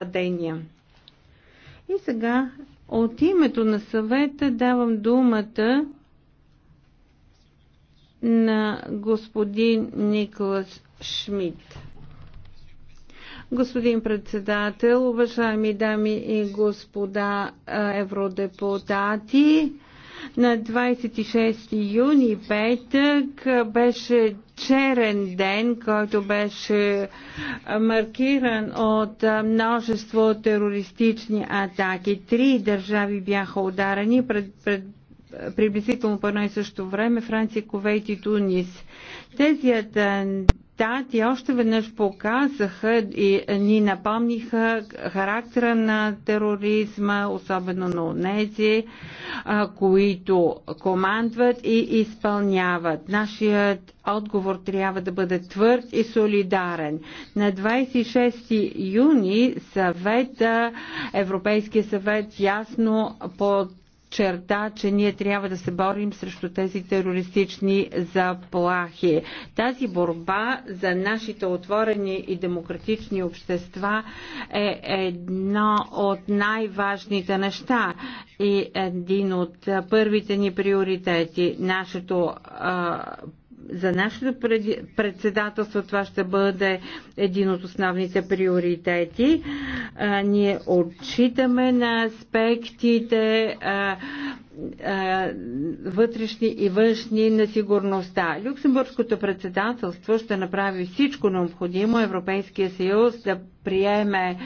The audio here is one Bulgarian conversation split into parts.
нападения. И сега от името на съвета давам думата на господин Николас Шмидт. Господин председател, уважаеми дами и господа евродепутати, на 26 юни петък беше черен ден, който беше маркиран от множество терористични атаки. Три държави бяха ударени пред, пред приблизително по едно и също време Франция, Ковейт и Тунис. Тези ти още веднъж показаха и ни напомниха характера на тероризма, особено на тези, които командват и изпълняват. Нашият отговор трябва да бъде твърд и солидарен. На 26 юни съвета, Европейския съвет ясно под подчерта, че ние трябва да се борим срещу тези терористични заплахи. Тази борба за нашите отворени и демократични общества е едно от най-важните неща и един от първите ни приоритети. Нашето за нашето председателство това ще бъде един от основните приоритети. Ние отчитаме на аспектите е, вътрешни и външни на сигурността. Люксембургското председателство ще направи всичко необходимо Европейския съюз да приеме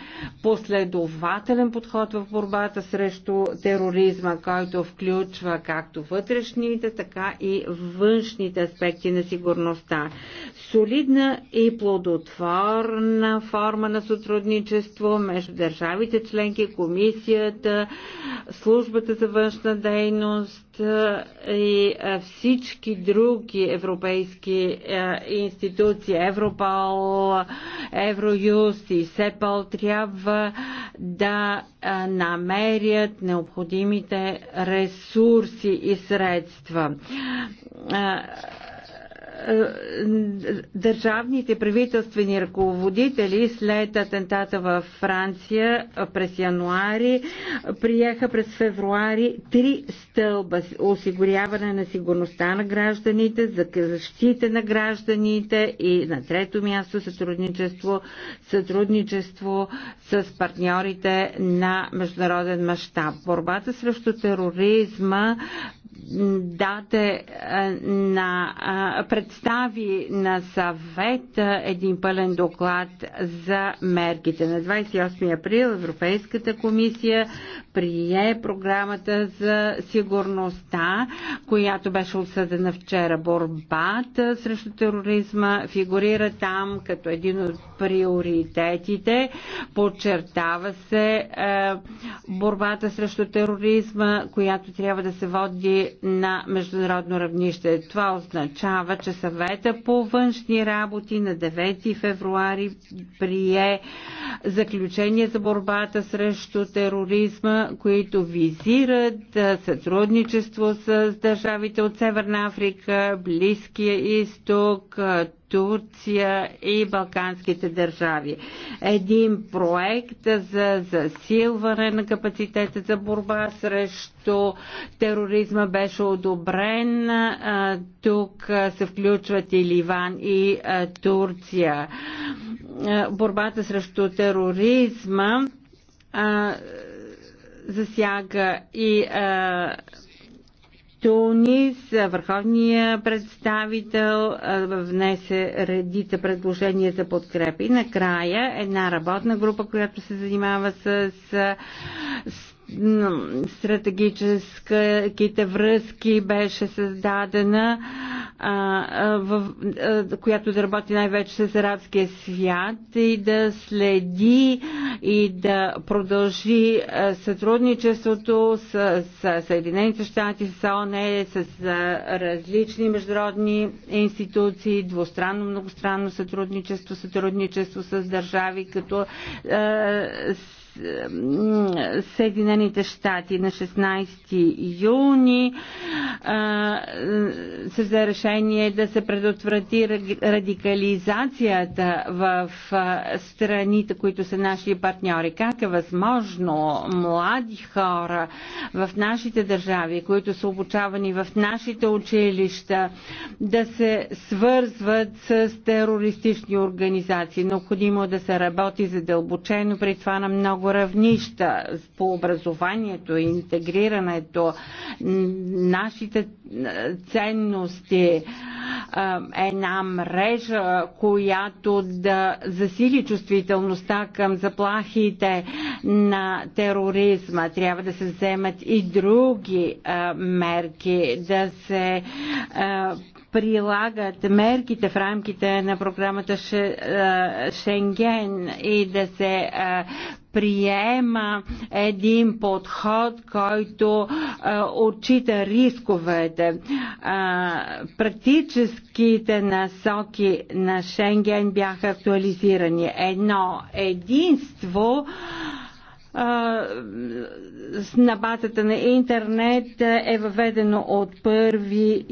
последователен подход в борбата срещу тероризма, който включва както вътрешните, така и външните аспекти на сигурността. Солидна и плодотворна форма на сътрудничество между държавите членки, комисията, службата за външна дейност, дейност и всички други европейски институции, Европол, Евроюст и СЕПАЛ трябва да намерят необходимите ресурси и средства е, държавните правителствени ръководители след атентата в Франция през януари приеха през февруари три стълба осигуряване на сигурността на гражданите, за защита на гражданите и на трето място сътрудничество, сътрудничество с партньорите на международен мащаб. Борбата срещу тероризма даде е, на, е, представи на съвет е, един пълен доклад за мерките. На 28 април Европейската комисия прие програмата за сигурността, която беше осъдена вчера. Борбата срещу тероризма фигурира там като един от приоритетите. Подчертава се борбата срещу тероризма, която трябва да се води на международно равнище. Това означава, че съвета по външни работи на 9 февруари прие заключение за борбата срещу тероризма, които визират сътрудничество с държавите от Северна Африка, Близкия изток, Турция и Балканските държави. Един проект за засилване на капацитета за борба срещу тероризма беше одобрен. Тук се включват и Ливан и Турция. Борбата срещу тероризма засяга и Тунис, върховния представител внесе редица предложения за подкрепи. накрая една работна група, която се занимава с стратегическите връзки беше създадена, в, която да работи най-вече с арабския свят и да следи и да продължи сътрудничеството с, с Съединените щати, с ООН, с различни международни институции, двустранно, многостранно сътрудничество, сътрудничество с държави като Съединените щати на 16 юни се за решение да се предотврати радикализацията в страните, които са наши партньори. Как е възможно млади хора в нашите държави, които са обучавани в нашите училища, да се свързват с терористични организации? Необходимо е да се работи задълбочено при това на много равнища по образованието и интегрирането, нашите ценности, една мрежа, която да засили чувствителността към заплахите на тероризма. Трябва да се вземат и други мерки, да се прилагат мерките в рамките на програмата Шенген и да се приема един подход, който а, отчита рисковете. А, практическите насоки на Шенген бяха актуализирани. Едно единство на базата на интернет е въведено от 1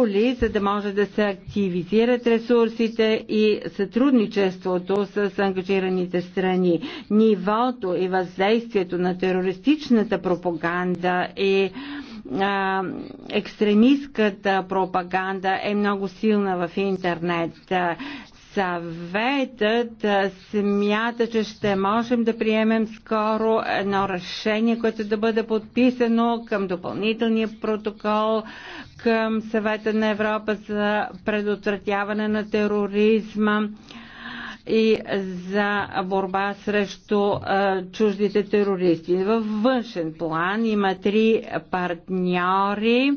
юли, за да може да се активизират ресурсите и сътрудничеството с ангажираните страни. Нивото и въздействието на терористичната пропаганда и а, екстремистката пропаганда е много силна в интернет съветът смята, че ще можем да приемем скоро едно решение, което да бъде подписано към допълнителния протокол към съвета на Европа за предотвратяване на тероризма и за борба срещу а, чуждите терористи. Във външен план има три партньори. А,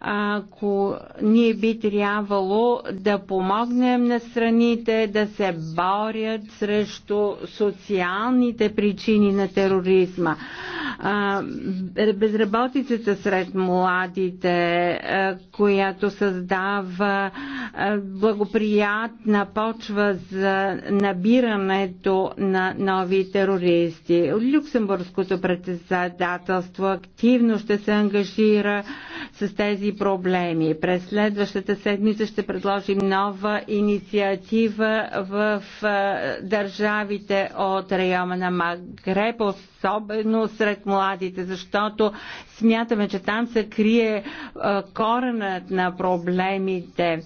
ако ние би трябвало да помогнем на страните да се борят срещу социалните причини на тероризма. Безработицата сред младите, която създава благоприятна почва за набирането на нови терористи. Люксембургското председателство активно ще се ангажира с тези тези проблеми. През следващата седмица ще предложим нова инициатива в държавите от района на Магреб, особено сред младите, защото смятаме, че там се крие коренът на проблемите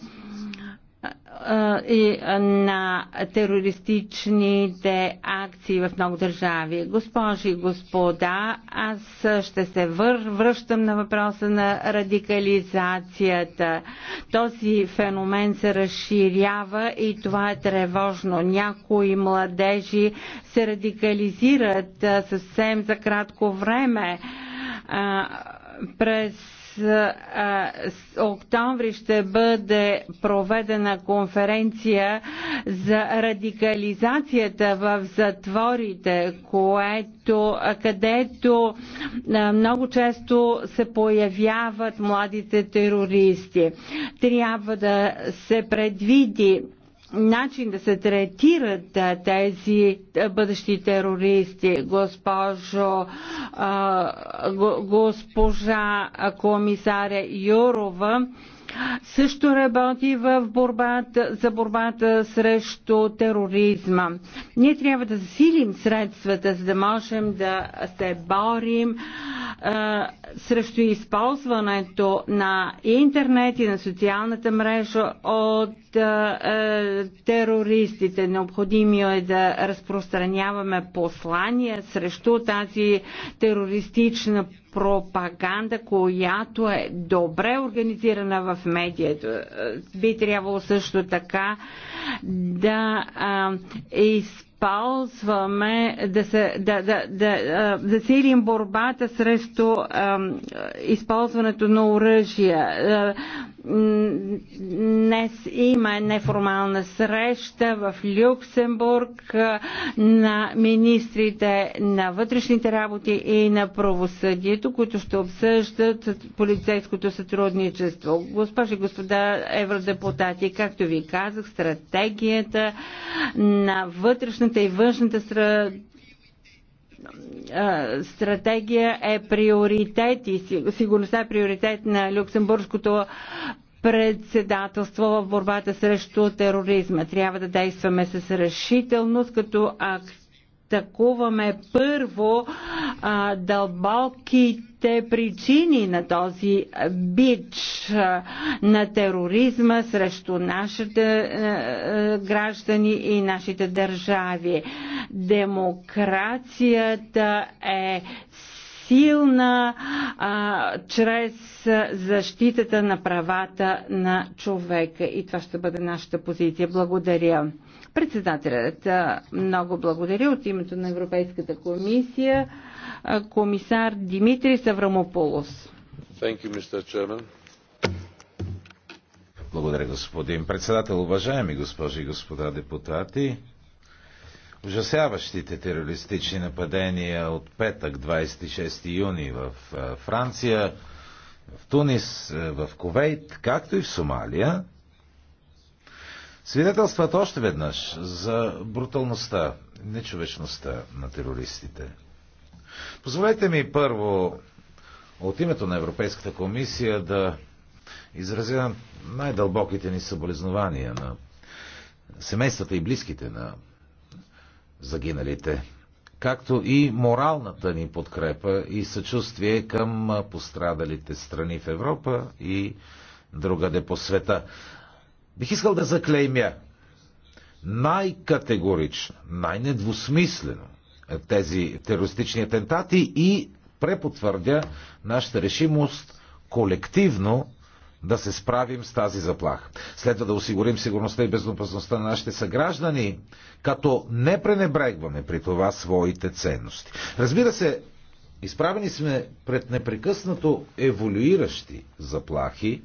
и на терористичните акции в много държави. Госпожи и господа, аз ще се вър, връщам на въпроса на радикализацията. Този феномен се разширява и това е тревожно. Някои младежи се радикализират съвсем за кратко време. През октомври ще бъде проведена конференция за радикализацията в затворите, което, където много често се появяват младите терористи. Трябва да се предвиди начин да се третират тези бъдещи терористи. Госпожо, госпожа комисаря Юрова, също работи в борбата, за борбата срещу тероризма. Ние трябва да засилим средствата, за да можем да се борим а, срещу използването на интернет и на социалната мрежа от а, а, терористите. Необходимо е да разпространяваме послания срещу тази терористична пропаганда, която е добре организирана в медието. Би трябвало също така да използваме, да, се, да, да, да, да силим борбата срещу а, използването на оръжия. А, Днес има неформална среща в Люксембург на министрите на вътрешните работи и на правосъдието, които ще обсъждат полицейското сътрудничество. Госпожи и господа евродепутати, както ви казах, стратегията на вътрешната и външната стратегия е приоритет и сигурността е приоритет на люксембургското председателство в борбата срещу тероризма. Трябва да действаме с решителност, като активно атакуваме първо а, дълбоките причини на този бич а, на тероризма срещу нашите а, граждани и нашите държави. Демокрацията е силна а, чрез защитата на правата на човека. И това ще бъде нашата позиция. Благодаря. Председателят, много благодаря от името на Европейската комисия, комисар Димитрий Саврамополос. You, благодаря, господин председател. Уважаеми госпожи и господа депутати, Ужасяващите терористични нападения от петък 26 юни в Франция, в Тунис, в Ковейт, както и в Сомалия, свидетелстват още веднъж за бруталността, нечовечността на терористите. Позволете ми първо от името на Европейската комисия да изразя най-дълбоките ни съболезнования на семействата и близките на загиналите, както и моралната ни подкрепа и съчувствие към пострадалите страни в Европа и другаде по света бих искал да заклеймя най-категорично, най-недвусмислено тези терористични атентати и препотвърдя нашата решимост колективно да се справим с тази заплаха. Следва да осигурим сигурността и безопасността на нашите съграждани, като не пренебрегваме при това своите ценности. Разбира се, изправени сме пред непрекъснато еволюиращи заплахи,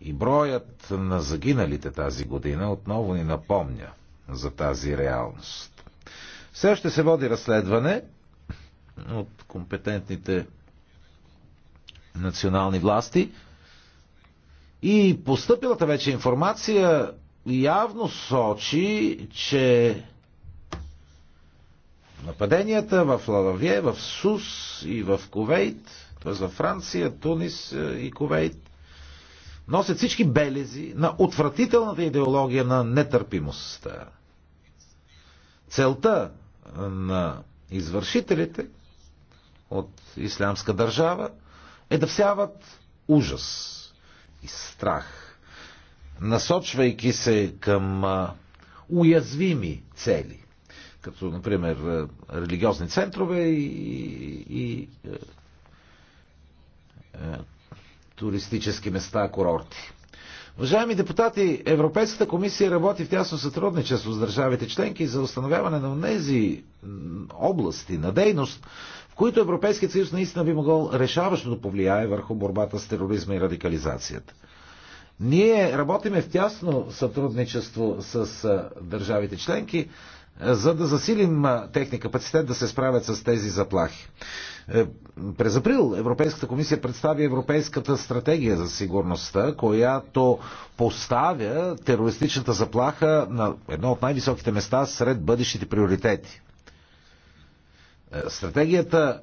и броят на загиналите тази година отново ни напомня за тази реалност. Все още се води разследване от компетентните национални власти и постъпилата вече информация явно сочи, че нападенията в Лалавие, в Сус и в Ковейт, т.е. в Франция, Тунис и Ковейт, носят всички белези на отвратителната идеология на нетърпимостта. Целта на извършителите от ислямска държава е да всяват ужас и страх, насочвайки се към уязвими цели, като, например, религиозни центрове и, и, и туристически места, курорти. Уважаеми депутати, Европейската комисия работи в тясно сътрудничество с държавите членки за установяване на тези области на дейност, в които Европейският съюз наистина би могъл решаващо да повлияе върху борбата с тероризма и радикализацията. Ние работиме в тясно сътрудничество с държавите членки за да засилим техния капацитет да се справят с тези заплахи. Е, през април Европейската комисия представи Европейската стратегия за сигурността, която поставя терористичната заплаха на едно от най-високите места сред бъдещите приоритети. Е, стратегията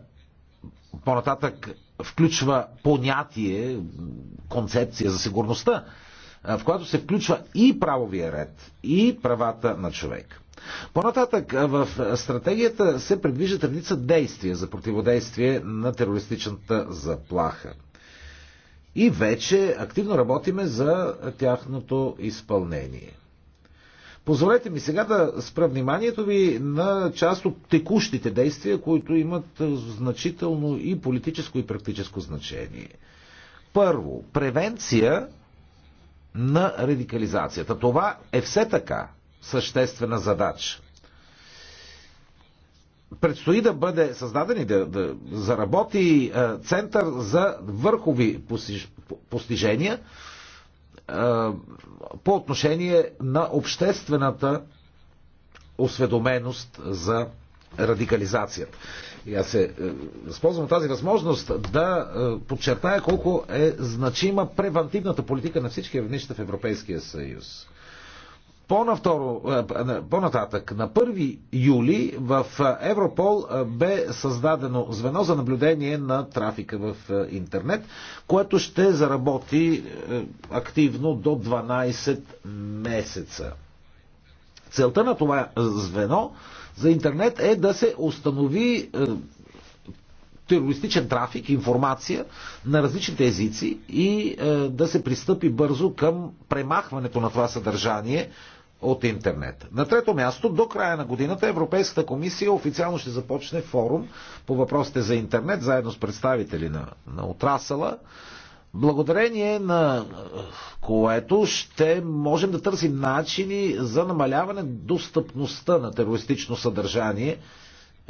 по-нататък включва понятие, концепция за сигурността, е, в която се включва и правовия ред, и правата на човека. По-нататък в стратегията се предвижда редица действия за противодействие на терористичната заплаха. И вече активно работиме за тяхното изпълнение. Позволете ми сега да спра вниманието ви на част от текущите действия, които имат значително и политическо и практическо значение. Първо, превенция на радикализацията. Това е все така съществена задача. Предстои да бъде създаден и да, да заработи е, център за върхови постиж, постижения е, по отношение на обществената осведоменост за радикализацията. И аз се възползвам е, тази възможност да е, подчертая колко е значима превантивната политика на всички равнища в Европейския съюз. Е, по-нататък, на 1 юли в е, Европол е, бе създадено звено за наблюдение на трафика в интернет, което ще заработи активно до 12 месеца. Целта на това звено за интернет е да се установи терористичен трафик, информация на различните езици и да се пристъпи бързо към премахването на това съдържание от интернет. На трето място, до края на годината Европейската комисия официално ще започне форум по въпросите за интернет, заедно с представители на, на отрасъла, благодарение на което ще можем да търсим начини за намаляване достъпността на терористично съдържание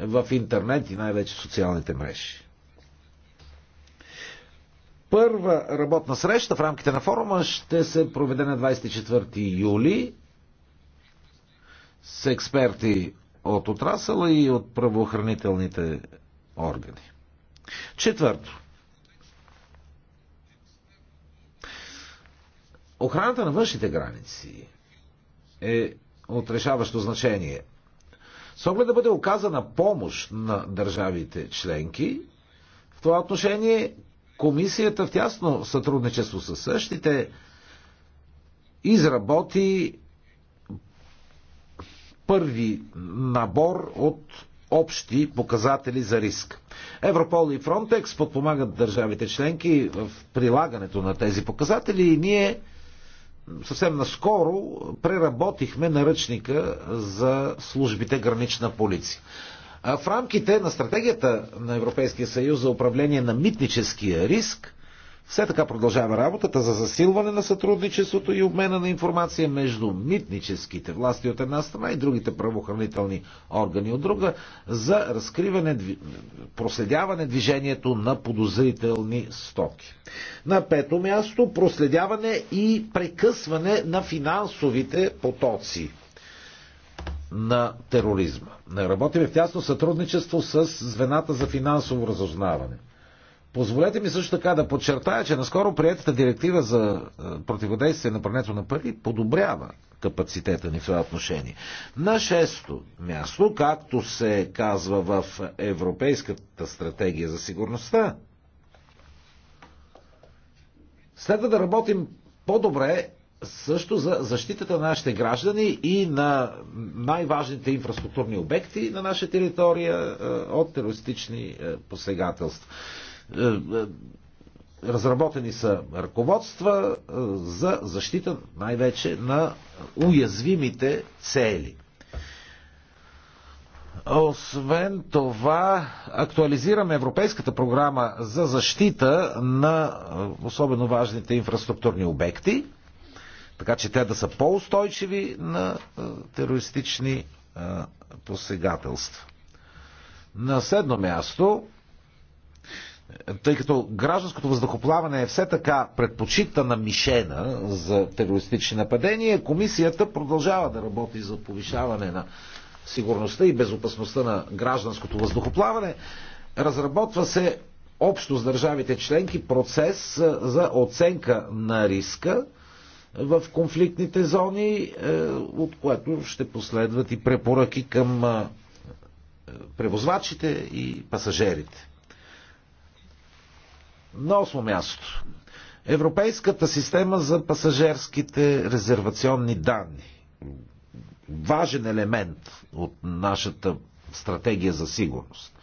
в интернет и най-вече социалните мрежи. Първа работна среща в рамките на форума ще се проведе на 24 юли с експерти от отрасъла и от правоохранителните органи. Четвърто. Охраната на външните граници е от решаващо значение. С оглед да бъде оказана помощ на държавите членки, в това отношение комисията в тясно сътрудничество с същите изработи първи набор от общи показатели за риск. Европол и Фронтекс подпомагат държавите членки в прилагането на тези показатели и ние съвсем наскоро преработихме наръчника за службите гранична полиция. В рамките на стратегията на Европейския съюз за управление на митническия риск все така продължава работата за засилване на сътрудничеството и обмена на информация между митническите власти от една страна и другите правоохранителни органи от друга за разкриване, проследяване движението на подозрителни стоки. На пето място проследяване и прекъсване на финансовите потоци на тероризма. Работиме в тясно сътрудничество с звената за финансово разузнаване. Позволете ми също така да подчертая, че наскоро приятата директива за е, противодействие на прането на пари подобрява капацитета ни в това отношение. На шесто място, както се казва в Европейската стратегия за сигурността, следва да работим по-добре също за защитата на нашите граждани и на най-важните инфраструктурни обекти на наша територия е, от терористични е, посегателства. Е, е, разработени са ръководства е, за защита най-вече на уязвимите цели. Освен това, актуализираме Европейската програма за защита на особено важните инфраструктурни обекти, така че те да са по-устойчиви на терористични посегателства. На седно място тъй като гражданското въздухоплаване е все така предпочитана мишена за терористични нападения, комисията продължава да работи за повишаване на сигурността и безопасността на гражданското въздухоплаване. Разработва се общо с държавите членки процес за оценка на риска в конфликтните зони, е, от което ще последват и препоръки към е, превозвачите и пасажерите. На осмо място. Европейската система за пасажерските резервационни данни. Важен елемент от нашата стратегия за сигурност.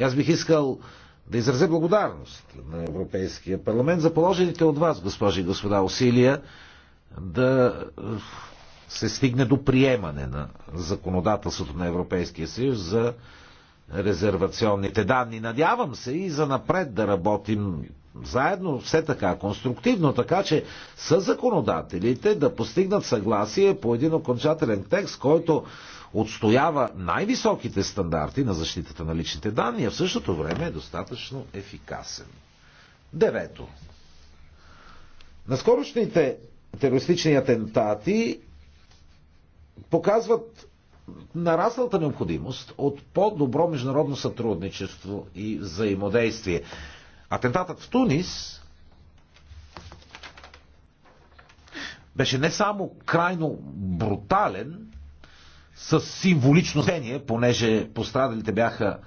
И аз бих искал да изразя благодарност на Европейския парламент за положените от вас, госпожи и господа, усилия да е, се стигне до приемане на законодателството на Европейския съюз за резервационните данни. Надявам се и за напред да работим заедно, все така, конструктивно, така че с законодателите да постигнат съгласие по един окончателен текст, който отстоява най-високите стандарти на защитата на личните данни, а в същото време е достатъчно ефикасен. Девето. Наскорошните терористични атентати показват нарасналата необходимост от по-добро международно сътрудничество и взаимодействие. Атентатът в Тунис беше не само крайно брутален, с символично значение, понеже пострадалите бяха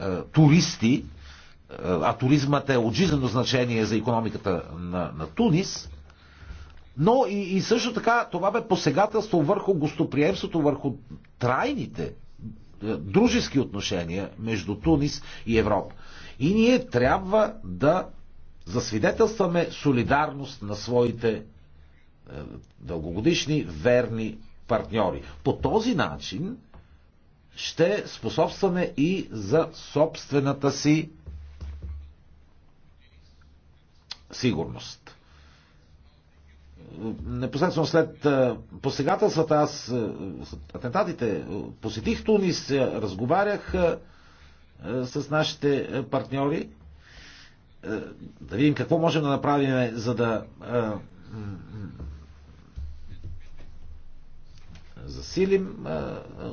е, туристи, е, а туризмът е от жизнено значение за економиката на, на Тунис, но и, и също така това бе посегателство върху гостоприемството, върху трайните е, дружески отношения между Тунис и Европа. И ние трябва да засвидетелстваме солидарност на своите е, дългогодишни верни партньори. По този начин ще способстваме и за собствената си сигурност непосредствено след посегателствата, аз атентатите посетих Тунис, разговарях с нашите партньори, да видим какво можем да направим, за да засилим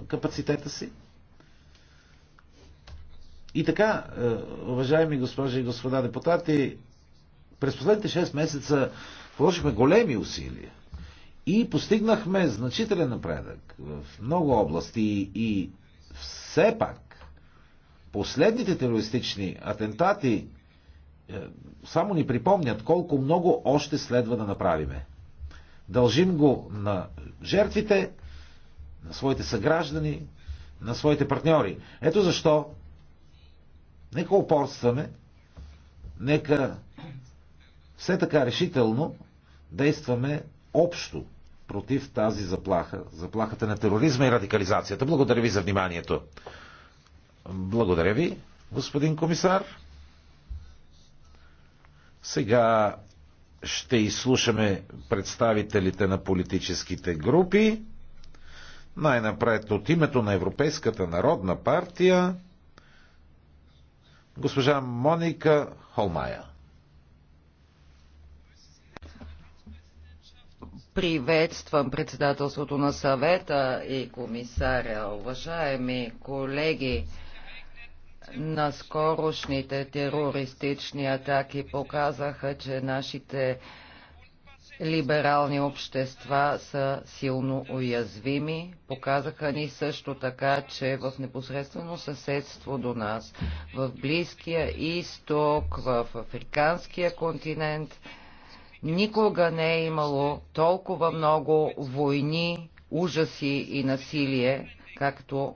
капацитета си. И така, уважаеми госпожи и господа депутати, през последните 6 месеца Вложихме големи усилия и постигнахме значителен напредък в много области и все пак последните терористични атентати е, само ни припомнят колко много още следва да направиме. Дължим го на жертвите, на своите съграждани, на своите партньори. Ето защо нека опорстваме, нека все така решително действаме общо против тази заплаха, заплахата на тероризма и радикализацията. Благодаря ви за вниманието. Благодаря ви, господин комисар. Сега ще изслушаме представителите на политическите групи. Най-напред от името на Европейската народна партия госпожа Моника Холмая. Приветствам председателството на съвета и комисаря. Уважаеми колеги, на скорошните терористични атаки показаха, че нашите либерални общества са силно уязвими. Показаха ни също така, че в непосредствено съседство до нас, в Близкия изток, в Африканския континент, Никога не е имало толкова много войни, ужаси и насилие, както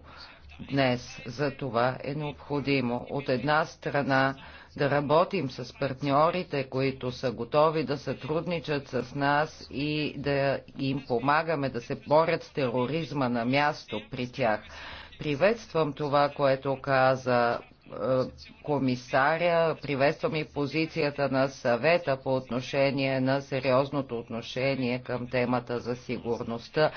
днес. За това е необходимо от една страна да работим с партньорите, които са готови да сътрудничат с нас и да им помагаме да се борят с тероризма на място при тях. Приветствам това, което каза е, комисаря, приветствам и позицията на съвета по отношение на сериозното отношение към темата за сигурността.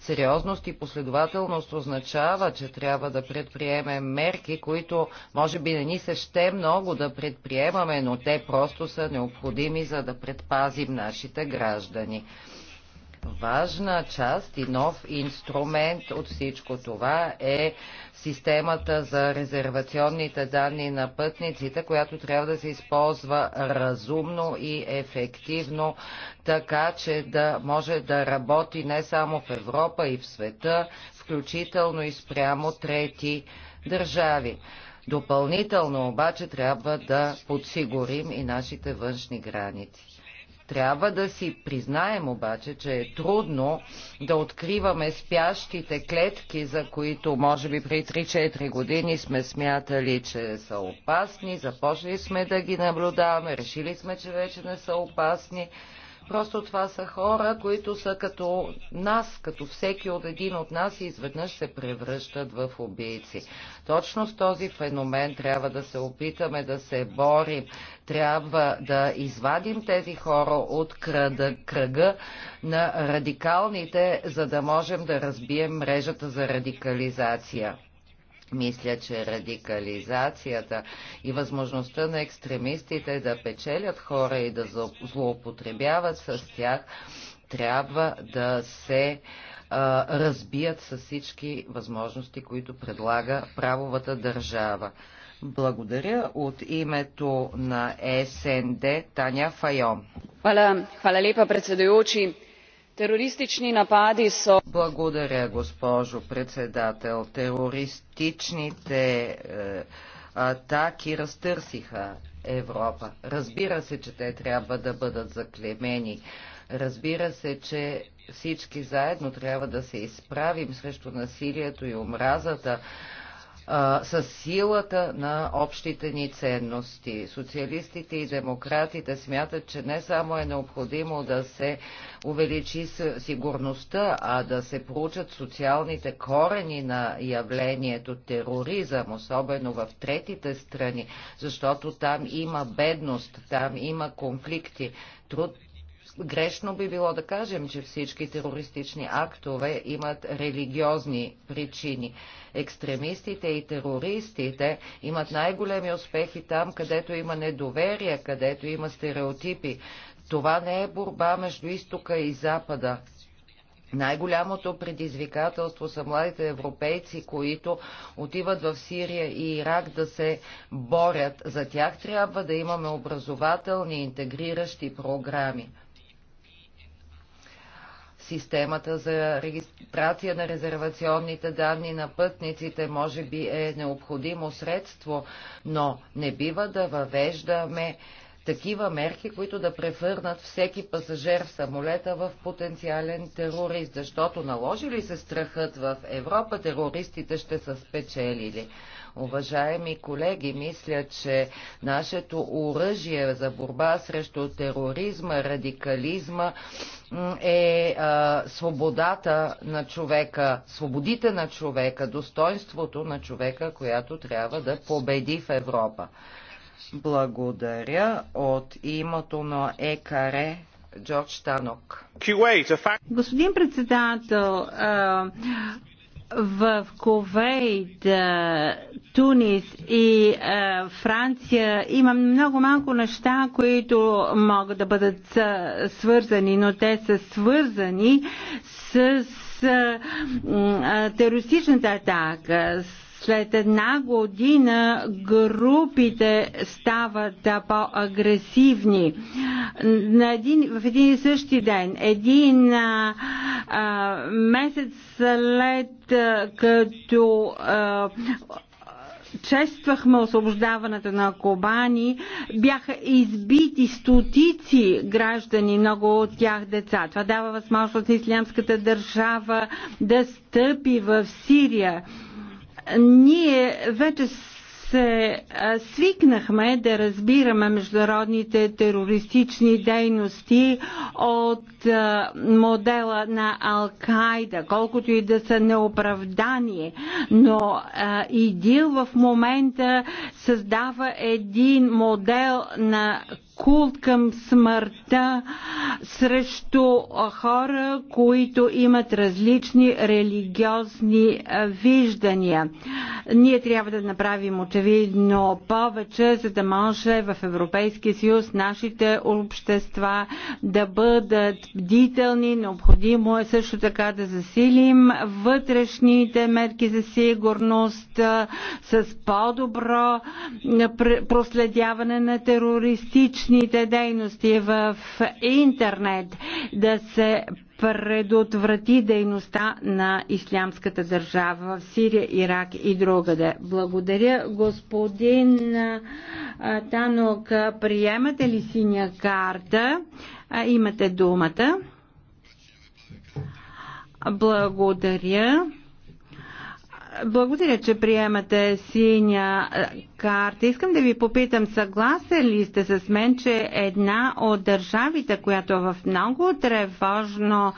Сериозност и последователност означава, че трябва да предприемем мерки, които може би не ни се ще много да предприемаме, но те просто са необходими, за да предпазим нашите граждани важна част и нов инструмент от всичко това е системата за резервационните данни на пътниците, която трябва да се използва разумно и ефективно, така че да може да работи не само в Европа и в света, включително и спрямо трети държави. Допълнително обаче трябва да подсигурим и нашите външни граници. Трябва да си признаем обаче, че е трудно да откриваме спящите клетки, за които може би при 3-4 години сме смятали, че са опасни, започнали сме да ги наблюдаваме, решили сме, че вече не са опасни, Просто това са хора, които са като нас, като всеки от един от нас и изведнъж се превръщат в убийци. Точно с този феномен трябва да се опитаме да се борим. Трябва да извадим тези хора от кръда, кръга на радикалните, за да можем да разбием мрежата за радикализация. Мисля, че радикализацията и възможността на екстремистите да печелят хора и да злоупотребяват с тях трябва да се а, разбият с всички възможности, които предлага правовата държава. Благодаря от името на СНД Таня Файон. Хвала, хвала лепа, predsedujoči. Терористични напади са... Благодаря, госпожо председател. Терористичните е, атаки разтърсиха Европа. Разбира се, че те трябва да бъдат заклемени. Разбира се, че всички заедно трябва да се изправим срещу насилието и омразата, с силата на общите ни ценности. Социалистите и демократите смятат, че не само е необходимо да се увеличи сигурността, а да се проучат социалните корени на явлението тероризъм, особено в третите страни, защото там има бедност, там има конфликти. Труд, Грешно би било да кажем, че всички терористични актове имат религиозни причини. Екстремистите и терористите имат най-големи успехи там, където има недоверие, където има стереотипи. Това не е борба между изтока и запада. Най-голямото предизвикателство са младите европейци, които отиват в Сирия и Ирак да се борят. За тях трябва да имаме образователни интегриращи програми. Системата за регистрация на резервационните данни на пътниците може би е необходимо средство, но не бива да въвеждаме такива мерки, които да превърнат всеки пасажир в самолета в потенциален терорист, защото наложи ли се страхът в Европа, терористите ще са спечелили. Уважаеми колеги, мисля, че нашето оръжие за борба срещу тероризма, радикализма е а, свободата на човека, свободите на човека, достоинството на човека, която трябва да победи в Европа. Благодаря от името на ЕКАРЕ Джордж Танок. Господин председател, в Ковейт, Тунис и Франция има много малко неща, които могат да бъдат свързани, но те са свързани с терористичната атака, с след една година групите стават по-агресивни. в един и същи ден, един а, а, месец след а, като а, чествахме освобождаването на Кобани, бяха избити стотици граждани, много от тях деца. Това дава възможност на ислямската държава да стъпи в Сирия ние вече се свикнахме да разбираме международните терористични дейности от модела на Ал-Кайда, колкото и да са неоправдани, но ИДИЛ в момента създава един модел на култ към смъртта срещу хора, които имат различни религиозни е, виждания. Ние трябва да направим очевидно повече, за да може в Европейския съюз нашите общества да бъдат бдителни. Необходимо е също така да засилим вътрешните мерки за сигурност е, с по-добро е, проследяване на терористични научните дейности в интернет, да се предотврати дейността на Ислямската държава в Сирия, Ирак и другаде. Благодаря, господин Танок. Приемате ли синя карта? Имате думата. Благодаря. Благодаря, че приемате синя е, карта. Искам да ви попитам, съгласен ли сте с мен, че една от държавите, която е в много тревожно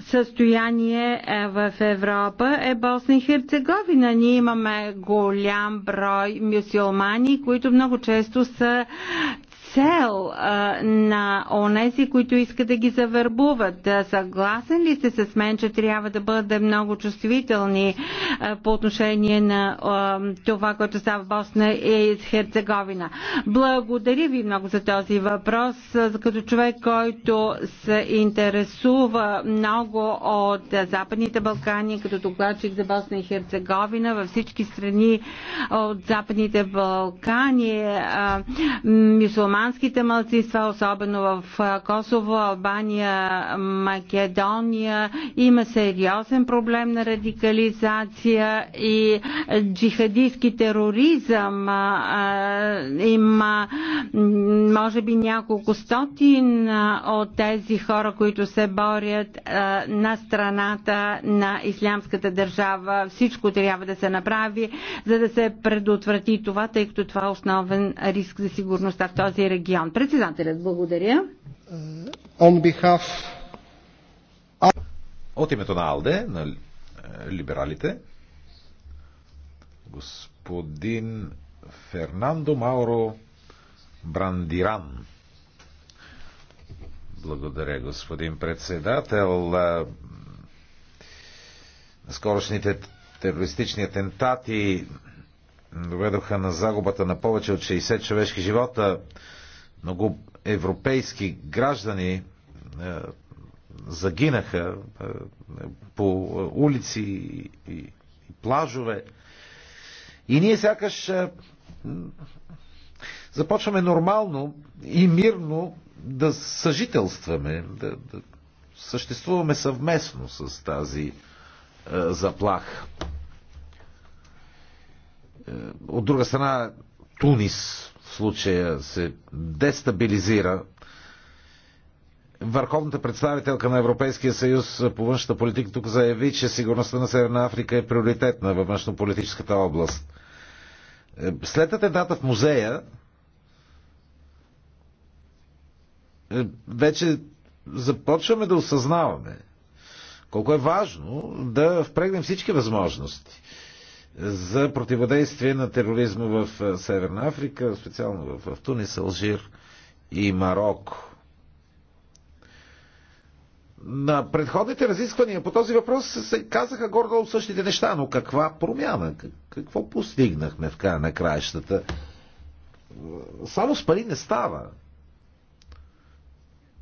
състояние е в Европа е Босна и Херцеговина. Ние имаме голям брой мюсюлмани, които много често са цел а, на онези, които искат да ги завърбуват. Съгласен ли сте с мен, че трябва да бъдем много чувствителни а, по отношение на а, това, което става в Босна и Херцеговина? Благодаря ви много за този въпрос. Като човек, който се интересува много от Западните Балкани, като докладчик за Босна и Херцеговина, във всички страни от Западните Балкани, мисулмани албанските мълцинства, особено в Косово, Албания, Македония. Има сериозен проблем на радикализация и джихадистски тероризъм. Има, може би, няколко стотин от тези хора, които се борят на страната на ислямската държава. Всичко трябва да се направи, за да се предотврати това, тъй като това е основен риск за сигурността в този регион. Председателят, благодаря. Behalf... От името на АЛДЕ, на е, либералите, господин Фернандо Мауро Брандиран. Благодаря, господин председател. Е, скорошните терористични атентати доведоха на загубата на повече от 60 човешки живота. Много европейски граждани е, загинаха е, по улици и плажове. И ние сякаш е, започваме нормално и мирно да съжителстваме, да, да съществуваме съвместно с тази е, заплаха. Е, от друга страна, Тунис случая се дестабилизира. Върховната представителка на Европейския съюз по външната политика тук заяви, че сигурността на Северна Африка е приоритетна във външно-политическата област. Е, След атентата в музея, е, вече започваме да осъзнаваме колко е важно да впрегнем всички възможности за противодействие на тероризма в Северна Африка, специално в Тунис, Алжир и Марокко. На предходните разисквания по този въпрос се казаха гордо същите неща, но каква промяна? Какво постигнахме в края на краищата? Само с пари не става.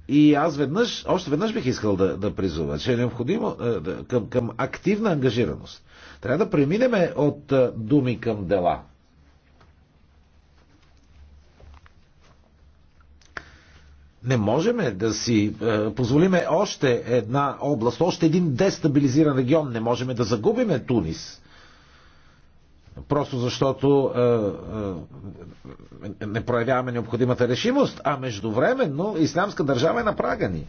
И аз веднъж, още веднъж бих искал да, да призова, че е необходимо е, към, към активна ангажираност трябва да преминеме от думи към дела. Не можем да си е, позволиме още една област, още един дестабилизиран регион. Не можем да загубиме Тунис. Просто защото е, е, не проявяваме необходимата решимост, а междувременно ислямска държава е на прага ни.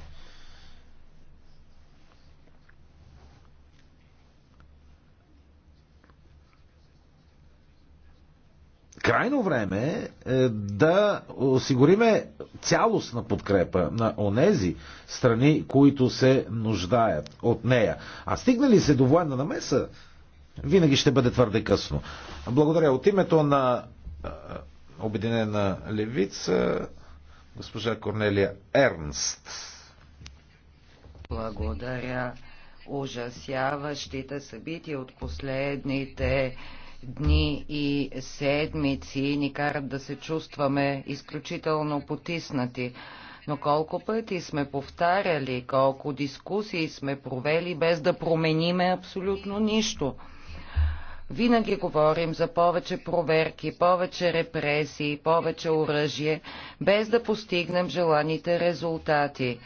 крайно време е, е да осигуриме цялостна подкрепа на онези страни, които се нуждаят от нея. А стигнали се до военна намеса, винаги ще бъде твърде късно. Благодаря. От името на е, Обединена левица, госпожа Корнелия Ернст. Благодаря. Ужасяващите събития от последните дни и седмици ни карат да се чувстваме изключително потиснати. Но колко пъти сме повтаряли, колко дискусии сме провели, без да промениме абсолютно нищо. Винаги говорим за повече проверки, повече репресии, повече оръжие, без да постигнем желаните резултати.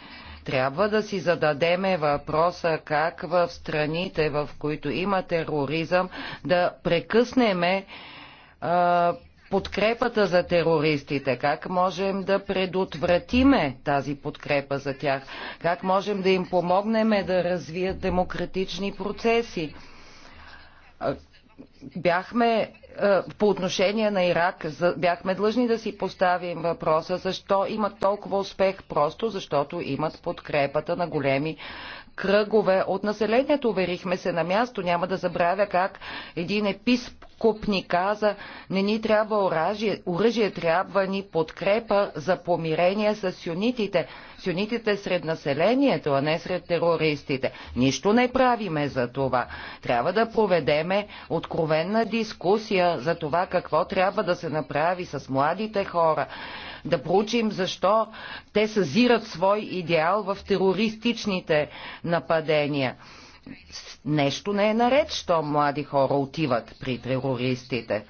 Трябва да си зададеме въпроса как в страните, в които има тероризъм, да прекъснеме а, подкрепата за терористите, как можем да предотвратиме тази подкрепа за тях, как можем да им помогнем да развият демократични процеси. Бяхме е, по отношение на Ирак бяхме длъжни да си поставим въпроса защо имат толкова успех, просто защото имат подкрепата на големи кръгове от населението. Уверихме се на място. Няма да забравя как един еписп Куп ни каза, не ни трябва оръжие, оръжие трябва ни подкрепа за помирение с сюнитите. Сюнитите сред населението, а не сред терористите. Нищо не правиме за това. Трябва да проведеме откровенна дискусия за това какво трябва да се направи с младите хора. Да проучим защо те съзират свой идеал в терористичните нападения нещо не е наред, що млади хора отиват при терористите.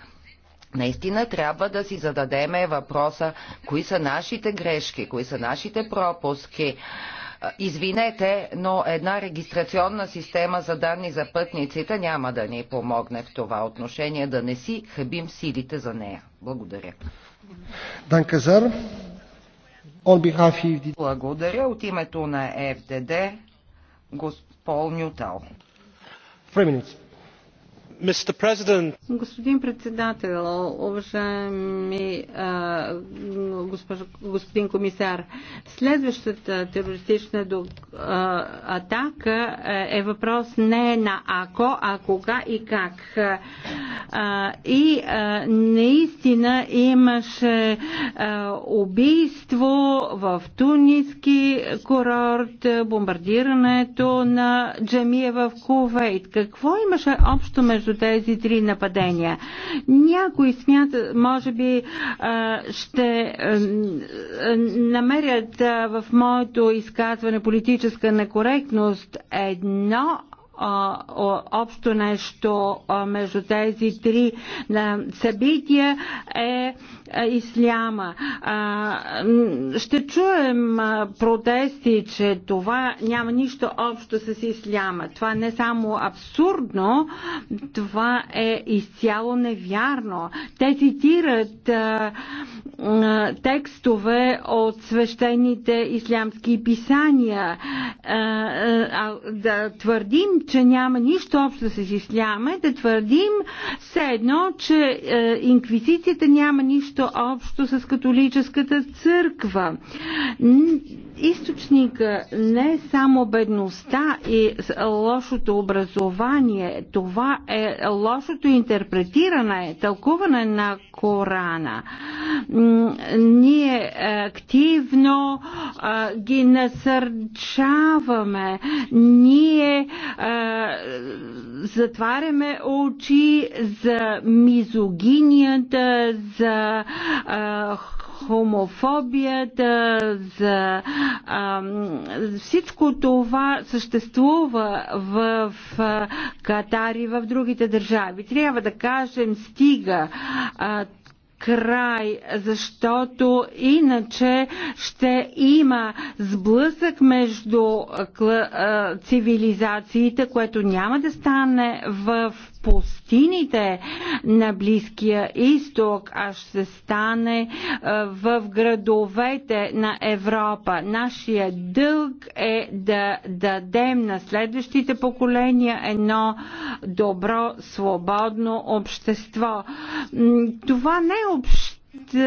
Наистина трябва да си зададеме въпроса, кои са нашите грешки, кои са нашите пропуски. Извинете, но една регистрационна система за данни за пътниците няма да ни помогне в това отношение, да не си хъбим силите за нея. Благодаря. Данказар, Благодаря от името на ФДД. Госп... Пол Нютал. Three minutes. Господин председател, уважаеми господин комисар, следващата терористична атака е, е въпрос не на ако, а кога и как. И наистина имаше убийство в Туниски курорт, бомбардирането на джамия в Кувейт. Какво имаше общо между между тези три нападения. Някой смята, може би ще намерят в моето изказване политическа некоректност едно общо нещо между тези три събития е исляма. ще чуем протести, че това няма нищо общо с исляма. Това не е само абсурдно, това е изцяло невярно. Те цитират текстове от свещените ислямски писания. да твърдим, че няма нищо общо с исляма и да твърдим все едно, че е, инквизицията няма нищо общо с католическата църква източника не е само бедността и лошото образование, това е лошото интерпретиране, тълкуване на Корана. Ние активно ги насърчаваме, ние затваряме очи за мизогинията, за хомофобията, за а, всичко това съществува в а, Катар и в другите държави. Трябва да кажем стига. А, край, защото иначе ще има сблъсък между цивилизациите, което няма да стане в пустините на Близкия изток, а ще стане е, в градовете на Европа. Нашия дълг е да дадем на следващите поколения едно добро, свободно общество. Това не е общество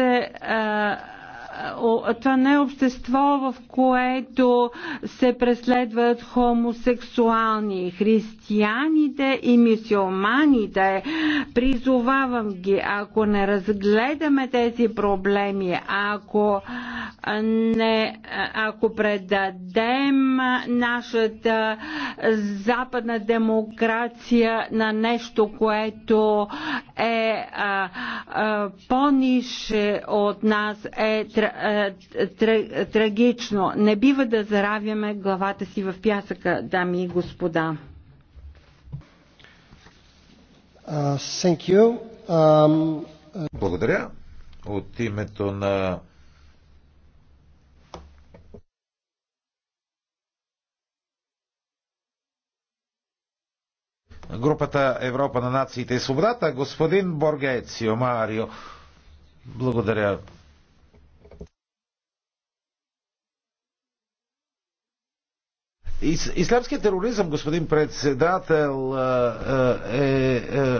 това не е общество, в което се преследват хомосексуални християните и мисиоманите. Призовавам ги, ако не разгледаме тези проблеми, ако, не, ако предадем нашата западна демокрация на нещо, което е а, а, по-нише от нас, е е, трагично. Не бива да заравяме главата си в пясъка, дами и господа. Uh, um... Благодаря. От името на групата Европа на нациите и свободата, господин Боргецио Марио. Благодаря, Исламският тероризъм, господин председател, е, е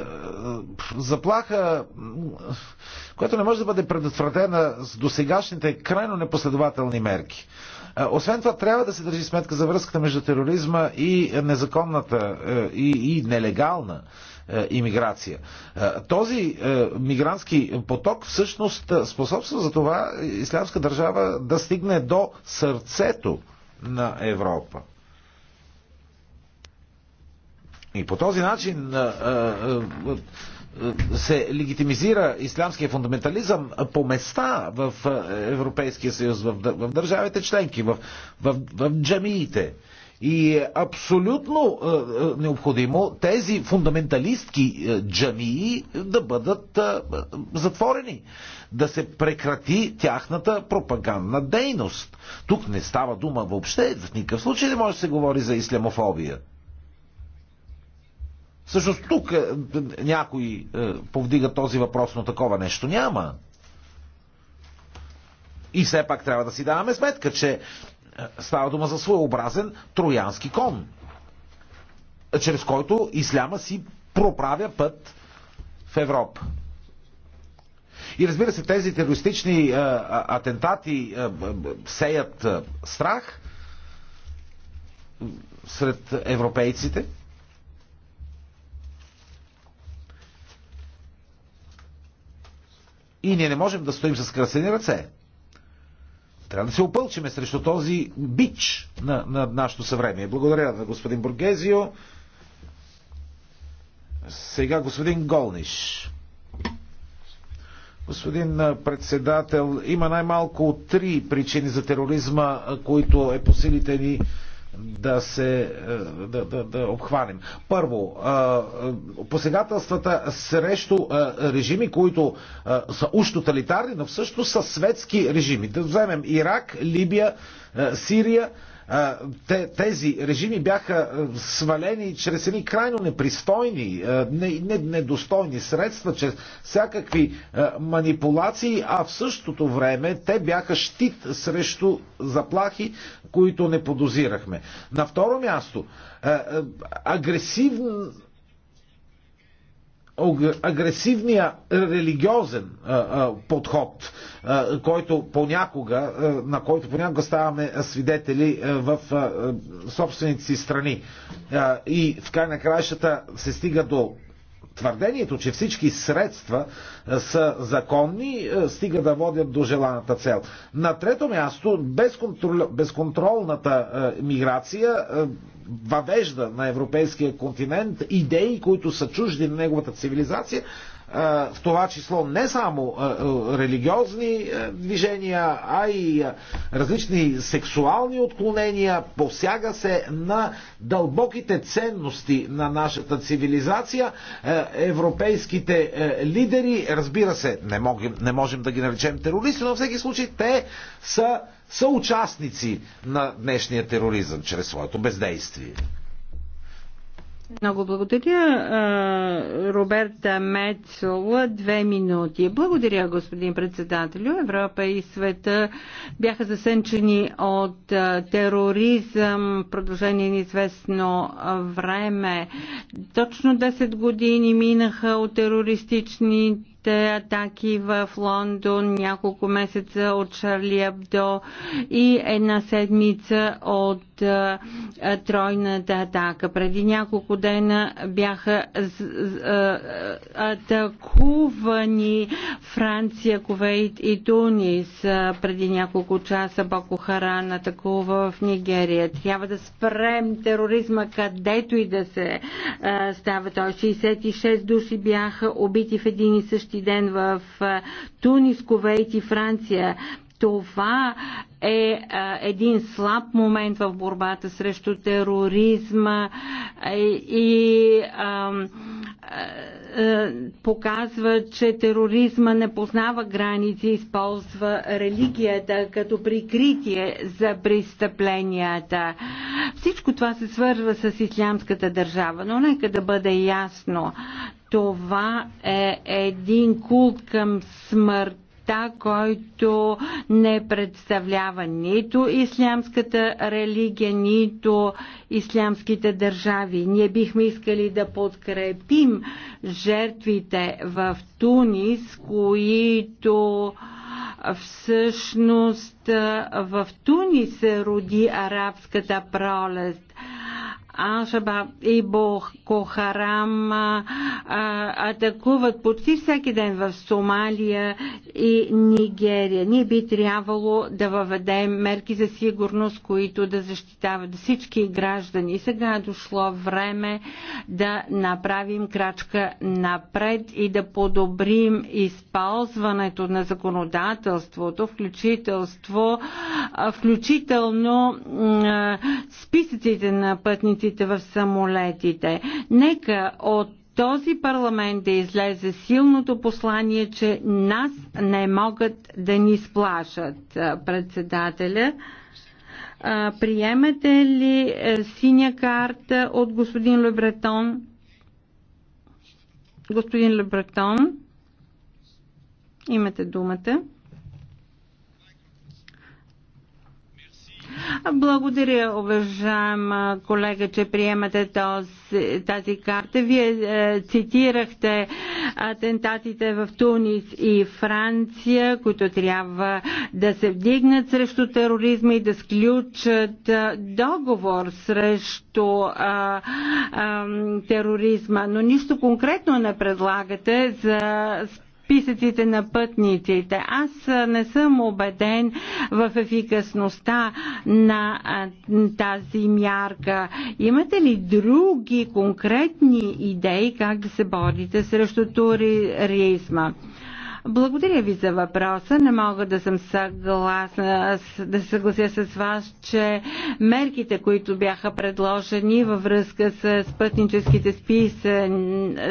заплаха, която не може да бъде предотвратена с досегашните крайно непоследователни мерки. Освен това, трябва да се държи сметка за връзката между тероризма и незаконната е, и, и нелегална е, иммиграция. Този е, мигрантски поток всъщност способства за това Ислямска държава да стигне до сърцето на Европа. И по този начин се легитимизира ислямския фундаментализъм по места в Европейския съюз, в, в държавите членки, в, в, в джамиите. И е абсолютно е, необходимо тези фундаменталистки е, джамии да бъдат е, затворени, да се прекрати тяхната пропагандна дейност. Тук не става дума въобще, в никакъв случай не може да се говори за ислямофобия. Всъщност тук е, някой е, повдига този въпрос, но такова нещо няма. И все пак трябва да си даваме сметка, че е, става дума за своеобразен троянски кон, чрез който исляма си проправя път в Европа. И разбира се, тези терористични а, атентати а, сеят а, страх сред европейците – И ние не можем да стоим с кръсени ръце. Трябва да се опълчиме срещу този бич на, на нашето съвремие. Благодаря на господин Бургезио. Сега господин Голниш. Господин председател, има най-малко три причини за тероризма, които е по силите ни да се е, да, да, да обхванем. Първо, е, е, посегателствата срещу режими, които са уж тоталитарни, но всъщност са светски режими. Да вземем Ирак, Либия, Сирия, тези режими бяха свалени чрез едни крайно непристойни, недостойни средства, чрез всякакви манипулации, а в същото време те бяха щит срещу заплахи, които не подозирахме. На второ място, агресивно агресивния религиозен подход, който понякога, на който понякога ставаме свидетели в собствените си страни. И в край на краищата се стига до твърдението, че всички средства са законни, стига да водят до желаната цел. На трето място, безконтрол, безконтролната миграция въвежда на европейския континент идеи, които са чужди на неговата цивилизация, в това число не само религиозни движения, а и различни сексуални отклонения. Посяга се на дълбоките ценности на нашата цивилизация. Европейските лидери, разбира се, не можем, не можем да ги наречем терористи, но във всеки случай те са съучастници на днешния тероризъм чрез своето бездействие. Много благодаря. Роберта Мецола, две минути. Благодаря, господин председателю. Европа и света бяха засенчени от тероризъм в продължение на известно време. Точно 10 години минаха от терористични атаки в Лондон, няколко месеца от Шарли Абдо и една седмица от от а, тройната атака. Преди няколко дена бяха атакувани Франция, Ковейт и Тунис. Преди няколко часа Боко Харан атакува в Нигерия. Трябва да спрем тероризма където и да се става той. 66 души бяха убити в един и същи ден в Тунис, Ковейт и Франция това е а, един слаб момент в борбата срещу тероризма и а, а, показва, че тероризма не познава граници, използва религията като прикритие за престъпленията. Всичко това се свързва с ислямската държава, но нека да бъде ясно. Това е един култ към смърт света, който не представлява нито ислямската религия, нито ислямските държави. Ние бихме искали да подкрепим жертвите в Тунис, които всъщност в Тунис се роди арабската пролест. Алшаба и Боко Харам атакуват почти всеки ден в Сомалия и Нигерия. Ние би трябвало да въведем мерки за сигурност, които да защитават всички граждани. И сега е дошло време да направим крачка напред и да подобрим използването на законодателството, включителство, включително списъците на пътници пилотите в самолетите. Нека от този парламент да излезе силното послание, че нас не могат да ни сплашат, председателя. Приемете ли е, синя карта от господин Лебретон? Господин Лебретон, имате думата. Благодаря, уважаема колега, че приемате този, тази карта. Вие е, цитирахте атентатите в Тунис и Франция, които трябва да се вдигнат срещу тероризма и да сключат е, договор срещу а, е, а, е, тероризма. Но нищо конкретно не предлагате за списъците на пътниците. Аз не съм убеден в ефикасността на тази мярка. Имате ли други конкретни идеи как да се борите срещу туризма? Благодаря ви за въпроса. Не мога да съм съгласна, да се съглася с вас, че мерките, които бяха предложени във връзка с пътническите списъ...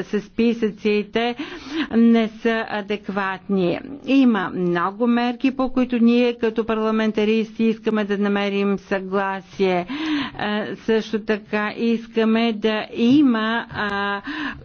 с списъците, не са адекватни. Има много мерки, по които ние като парламентаристи искаме да намерим съгласие. Е, също така искаме да има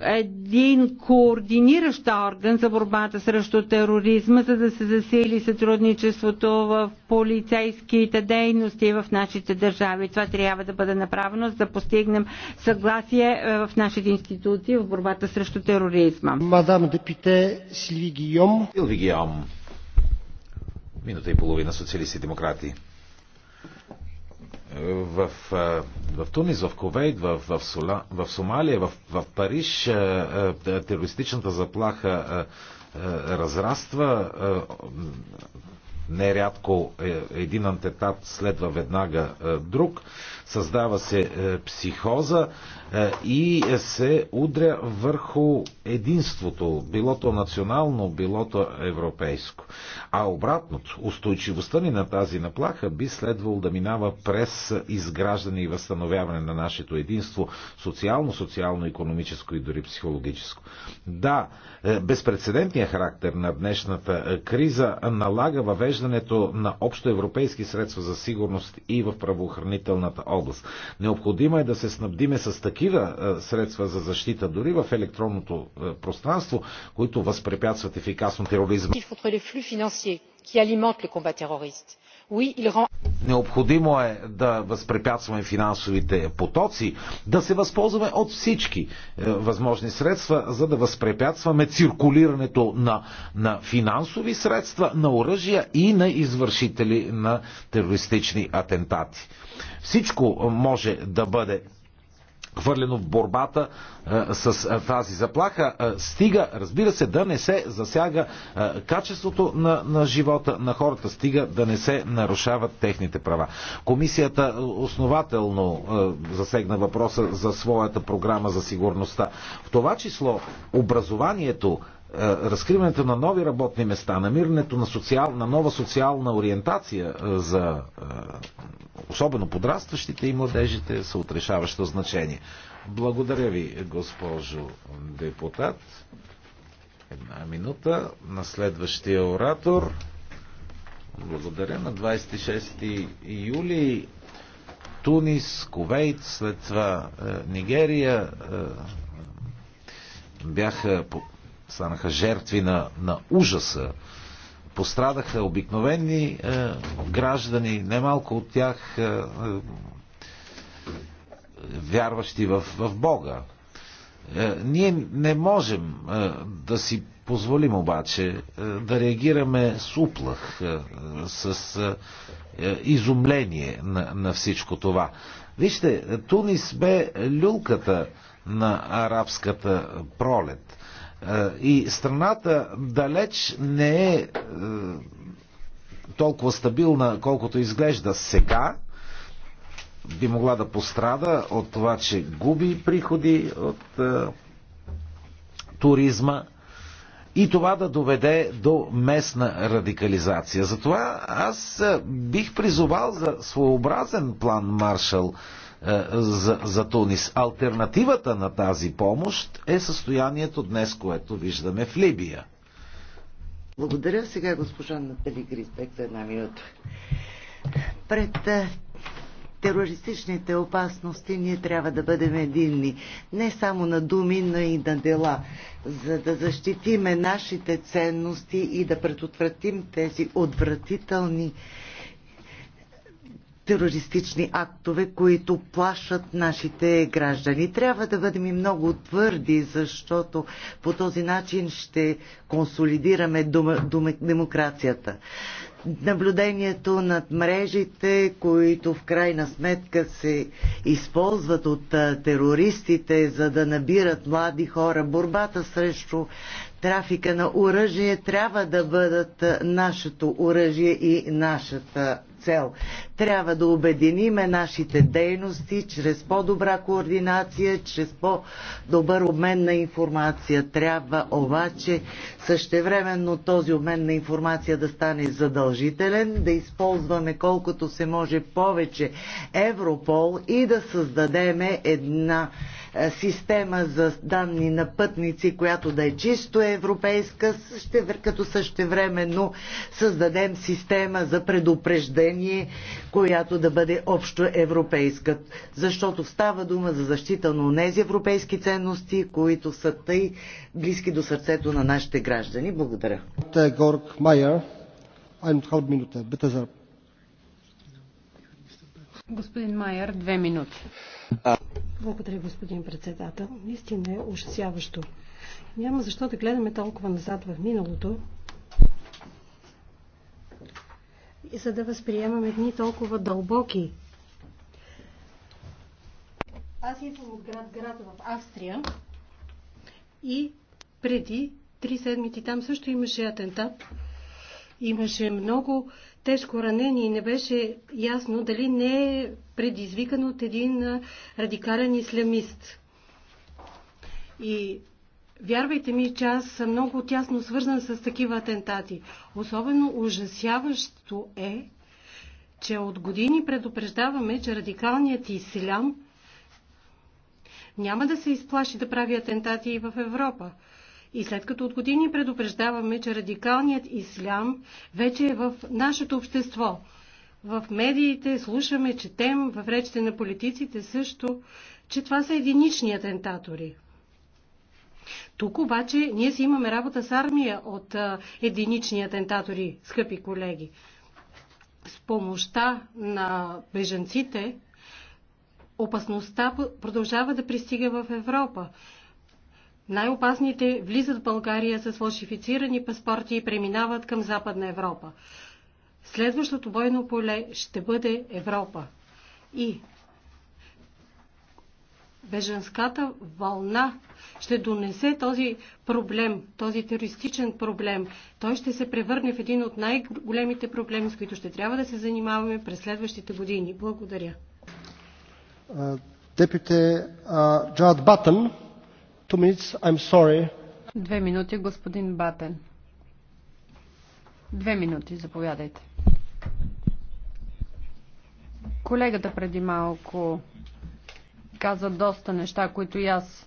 един координиращ орган за борбата срещу срещу тероризма, за да се засили сътрудничеството в полицейските дейности в нашите държави. Това трябва да бъде направено, за да постигнем съгласие е, в нашите институции в борбата срещу тероризма. Мадам Депите Силви Гийом. Силви Гийом. Минута и половина социалисти и демократи в, е, в Тунис, в Ковейт, в, в, в Сомалия, в, в Париж е, терористичната заплаха е, разраства. Е, нерядко е, един антетат следва веднага друг, създава се психоза и се удря върху единството, билото национално, билото европейско. А обратното, устойчивостта ни на тази наплаха би следвало да минава през изграждане и възстановяване на нашето единство, социално, социално, економическо и дори психологическо. Да, е, безпредседентният характер на днешната е, криза налага въвеждането на общоевропейски средства за сигурност и в правоохранителната област. Необходимо е да се снабдиме с такива е, средства за защита, дори в електронното пространство, които възпрепятстват ефикасно тероризма financier qui alimente le combat terroriste. Oui, il rend... Необходимо е да възпрепятстваме финансовите потоци, да се възползваме от всички е, възможни средства, за да възпрепятстваме циркулирането на, на финансови средства, на оръжия и на извършители на терористични атентати. Всичко може да бъде хвърлено в борбата а, е, с а, е, тази заплаха. А, е, стига, разбира се, да не се засяга а, качеството на, на живота на хората, стига да не се нарушават техните права. Комисията основателно а, засегна въпроса за своята програма за сигурността. В това число образованието е, разкриването на нови работни места, намирането на, социал, на нова социална ориентация е, за е, особено подрастващите и младежите са отрешаващо значение. Благодаря ви, госпожо депутат. Една минута на следващия оратор. Благодаря. На 26 юли Тунис, Ковейт, след това Нигерия бяха станаха жертви на, на ужаса. Пострадаха обикновени е, граждани, немалко от тях е, е, вярващи в, в Бога. Е, ние не можем е, да си позволим обаче е, да реагираме с уплах, е, с е, изумление на, на всичко това. Вижте, Тунис бе люлката на арабската пролет. И страната далеч не е, е толкова стабилна, колкото изглежда сега. Би могла да пострада от това, че губи приходи от е, туризма и това да доведе до местна радикализация. Затова аз е, бих призовал за своеобразен план Маршал е, за, за Тунис. Альтернативата на тази помощ е състоянието днес, което виждаме в Либия. Благодаря сега госпожа Натали Гриспек за една минута. Пред е, терористичните опасности ние трябва да бъдем единни. Не само на думи, но и на дела. За да защитиме нашите ценности и да предотвратим тези отвратителни терористични актове, които плашат нашите граждани. Трябва да бъдем и много твърди, защото по този начин ще консолидираме демокрацията. Наблюдението над мрежите, които в крайна сметка се използват от терористите, за да набират млади хора, борбата срещу трафика на оръжие трябва да бъдат нашето оръжие и нашата цел. Трябва да обединиме нашите дейности чрез по-добра координация, чрез по-добър обмен на информация. Трябва обаче същевременно този обмен на информация да стане задължителен, да използваме колкото се може повече Европол и да създадеме една е, система за данни на пътници, която да е чисто европейска, като същевременно създадем система за предупреждение която да бъде общо европейска. Защото става дума за защита на тези европейски ценности, които са тъй близки до сърцето на нашите граждани. Благодаря. Господин Майер, две минути. Благодаря, господин председател. Наистина е ужасяващо. Няма защо да гледаме толкова назад в миналото, за да възприемаме дни толкова дълбоки. Аз идвам от град град в Австрия и преди три седмици там също имаше атентат. Имаше много тежко ранение и не беше ясно дали не е предизвикан от един радикален ислямист. И Вярвайте ми, че аз съм много тясно свързан с такива атентати. Особено ужасяващо е, че от години предупреждаваме, че радикалният ислям няма да се изплаши да прави атентати и в Европа. И след като от години предупреждаваме, че радикалният ислям вече е в нашето общество. В медиите слушаме, четем, в речите на политиците също, че това са единични атентатори. Тук обаче ние си имаме работа с армия от единични атентатори, скъпи колеги. С помощта на бежанците опасността продължава да пристига в Европа. Най-опасните влизат в България с фалшифицирани паспорти и преминават към Западна Европа. Следващото бойно поле ще бъде Европа. И беженската вълна ще донесе този проблем, този терористичен проблем. Той ще се превърне в един от най-големите проблеми, с които ще трябва да се занимаваме през следващите години. Благодаря. Депите Джад Батън, Две минути, господин Батен. Две минути, заповядайте. Колегата преди малко каза доста неща, които и аз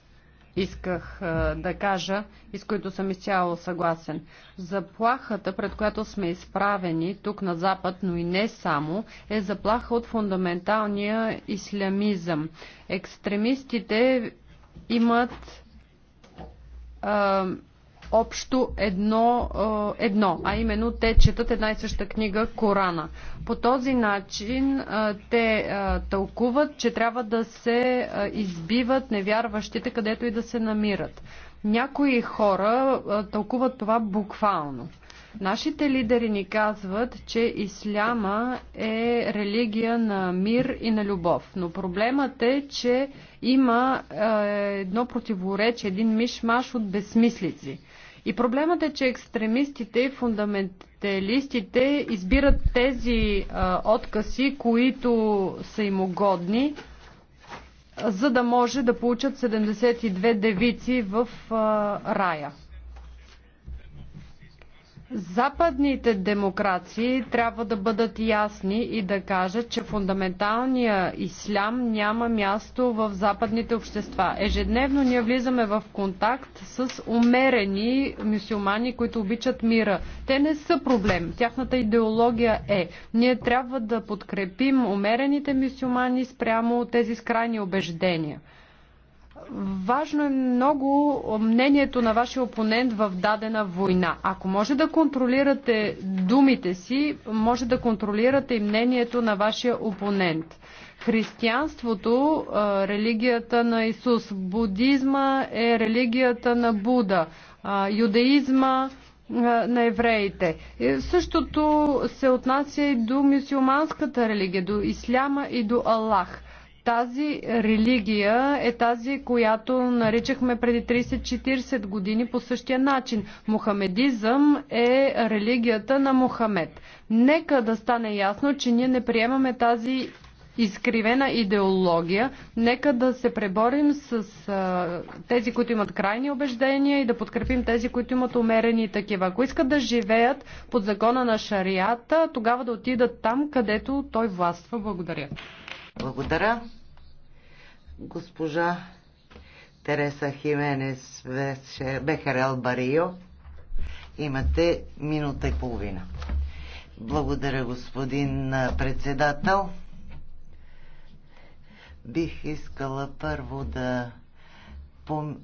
исках да кажа и с които съм изцяло съгласен. Заплахата, пред която сме изправени тук на Запад, но и не само, е заплаха от фундаменталния ислямизъм. Екстремистите имат общо едно, едно, а именно те четат една и съща книга Корана. По този начин те тълкуват, че трябва да се избиват невярващите, където и да се намират. Някои хора тълкуват това буквално. Нашите лидери ни казват, че исляма е религия на мир и на любов. Но проблемът е, че има е, едно противоречие, един мишмаш от безсмислици. И проблемът е, че екстремистите и фундаменталистите избират тези а, откази, които са им угодни, за да може да получат 72 девици в а, рая. Западните демокрации трябва да бъдат ясни и да кажат, че фундаменталния ислям няма място в западните общества. Ежедневно ние влизаме в контакт с умерени мюсюлмани, които обичат мира. Те не са проблем. Тяхната идеология е. Ние трябва да подкрепим умерените мюсюлмани спрямо тези скрайни убеждения важно е много мнението на вашия опонент в дадена война. Ако може да контролирате думите си, може да контролирате и мнението на вашия опонент. Християнството, религията на Исус, будизма е религията на Буда, юдеизма на евреите. Е, същото се отнася и до мюсюлманската религия, до исляма и до Аллах. Тази религия е тази, която наричахме преди 30-40 години по същия начин. Мохамедизъм е религията на Мохамед. Нека да стане ясно, че ние не приемаме тази изкривена идеология. Нека да се преборим с а, тези, които имат крайни убеждения и да подкрепим тези, които имат умерени такива. Ако искат да живеят под закона на шарията, тогава да отидат там, където той властва. Благодаря. Благодаря. Госпожа Тереса Хименес Бехарел Барио. Имате минута и половина. Благодаря, господин председател. Бих искала първо да, пом...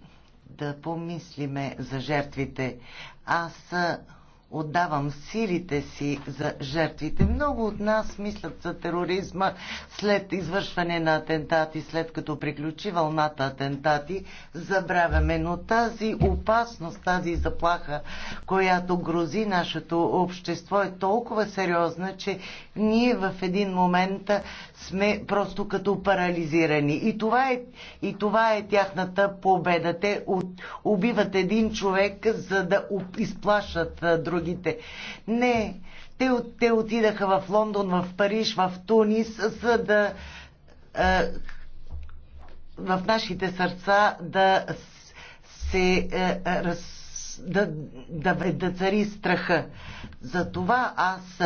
да помислиме за жертвите. Аз отдавам силите си за жертвите. Много от нас мислят за тероризма след извършване на атентати, след като приключи вълната атентати, забравяме. Но тази опасност, тази заплаха, която грози нашето общество е толкова сериозна, че ние в един момент сме просто като парализирани. И това е, и това е тяхната победа. Те от, убиват един човек, за да изплашат другите. Не, те, те отидаха в Лондон, в Париж, в Тунис, за да е, в нашите сърца да се е, раз, да, да, да цари страха. Затова аз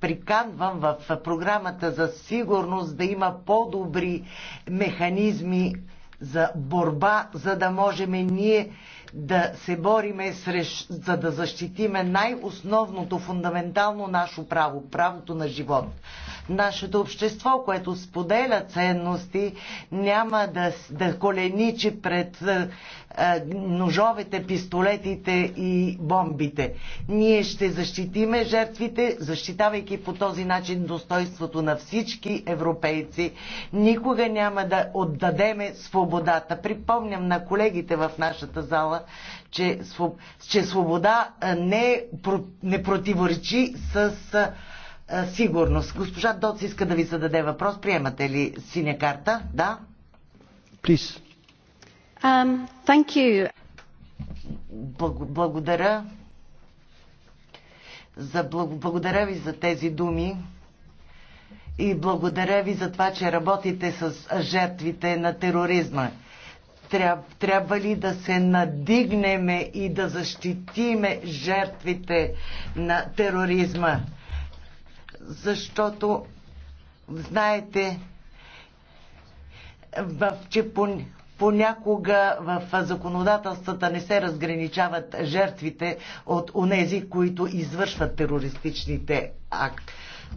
приканвам в програмата за сигурност да има по-добри механизми за борба, за да можем ние да се бориме, срещ, за да защитиме най-основното, фундаментално наше право, правото на живот. Нашето общество, което споделя ценности, няма да, да коленичи пред ножовете, пистолетите и бомбите. Ние ще защитиме жертвите, защитавайки по този начин достоинството на всички европейци. Никога няма да отдадеме свободата. Припомням на колегите в нашата зала, че, че свобода не, е не противоречи с сигурност. Госпожа Доц иска да ви зададе въпрос. Приемате ли синя карта? Да? Please. Um, благодаря. За, благодаря ви за тези думи и благодаря ви за това, че работите с жертвите на тероризма. Тряб, трябва ли да се надигнеме и да защитиме жертвите на тероризма? Защото, знаете, в, че по, понякога в законодателствата не се разграничават жертвите от онези, които извършват терористичните акт,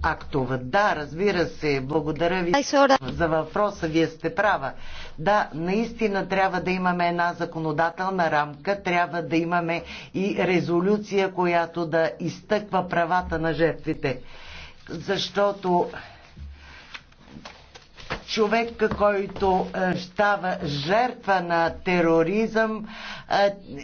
актове. Да, разбира се, благодаря ви за въпроса, вие сте права. Да, наистина трябва да имаме една законодателна рамка, трябва да имаме и резолюция, която да изтъква правата на жертвите. Защото човек, който е, става жертва на тероризъм,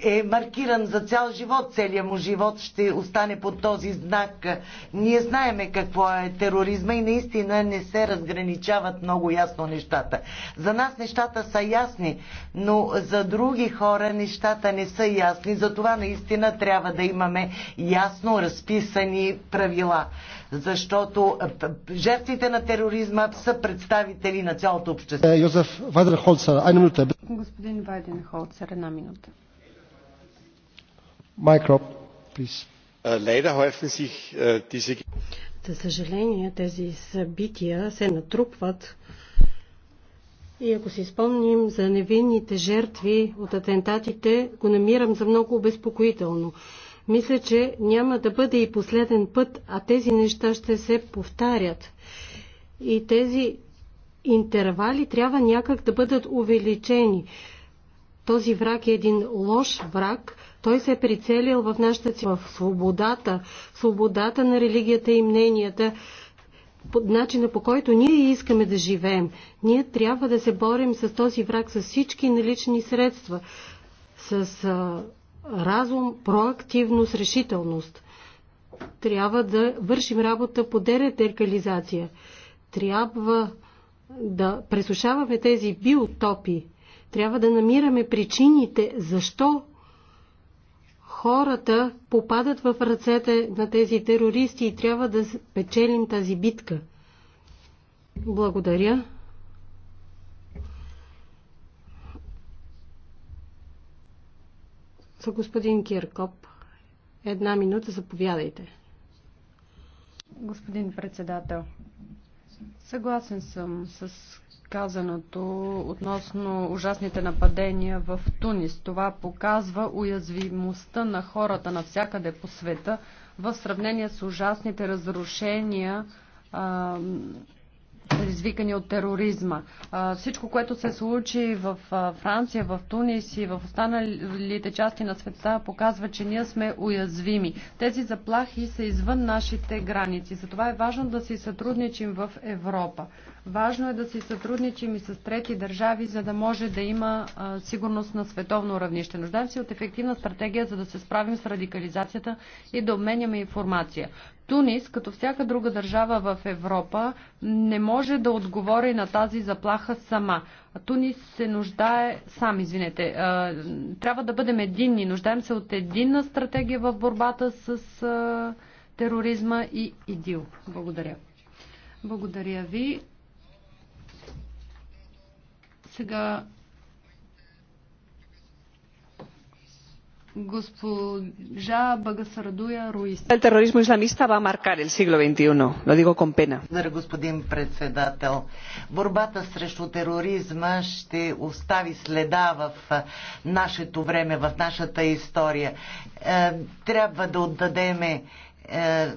е, е маркиран за цял живот. Целият му живот ще остане под този знак. Ние знаеме какво е тероризма и наистина не се разграничават много ясно нещата. За нас нещата са ясни, но за други хора нещата не са ясни. Затова наистина трябва да имаме ясно разписани правила. Защото е, жертвите на тероризма са представители и на цялото общество. Е, Йозеф Вайденхолцер, една минута. Господин Вайденхолцер, една минута. Майкро, е, е, За съжаление, тези събития се натрупват и ако си спомним за невинните жертви от атентатите, го намирам за много обезпокоително. Мисля, че няма да бъде и последен път, а тези неща ще се повтарят. И тези интервали трябва някак да бъдат увеличени. Този враг е един лош враг. Той се е прицелил в нашата си, в свободата, свободата на религията и мненията, начина по който ние искаме да живеем. Ние трябва да се борим с този враг с всички налични средства, с а, разум, проактивност, решителност. Трябва да вършим работа по дерекализация. Трябва да пресушаваме тези биотопи, трябва да намираме причините защо хората попадат в ръцете на тези терористи и трябва да печелим тази битка. Благодаря. За господин Киркоп, една минута заповядайте. Господин председател, Съгласен съм с казаното относно ужасните нападения в Тунис. Това показва уязвимостта на хората навсякъде по света в сравнение с ужасните разрушения предизвикани от тероризма. Всичко, което се случи в Франция, в Тунис и в останалите части на света, показва, че ние сме уязвими. Тези заплахи са извън нашите граници. Затова е важно да си сътрудничим в Европа. Важно е да си сътрудничим и с трети държави, за да може да има сигурност на световно равнище. Нуждаем се от ефективна стратегия, за да се справим с радикализацията и да обменяме информация. Тунис, като всяка друга държава в Европа, не може да отговори на тази заплаха сама. Тунис се нуждае сам, извинете. Трябва да бъдем единни. Нуждаем се от единна стратегия в борбата с тероризма и ИДИЛ. Благодаря. Благодаря ви. Сега госпожа Багасарадуя Руис. El terrorismo ва va a marcar el siglo XXI. Lo digo con Господин председател, борбата срещу тероризма ще остави следа в нашето време, в нашата история. Е, трябва да отдадеме е,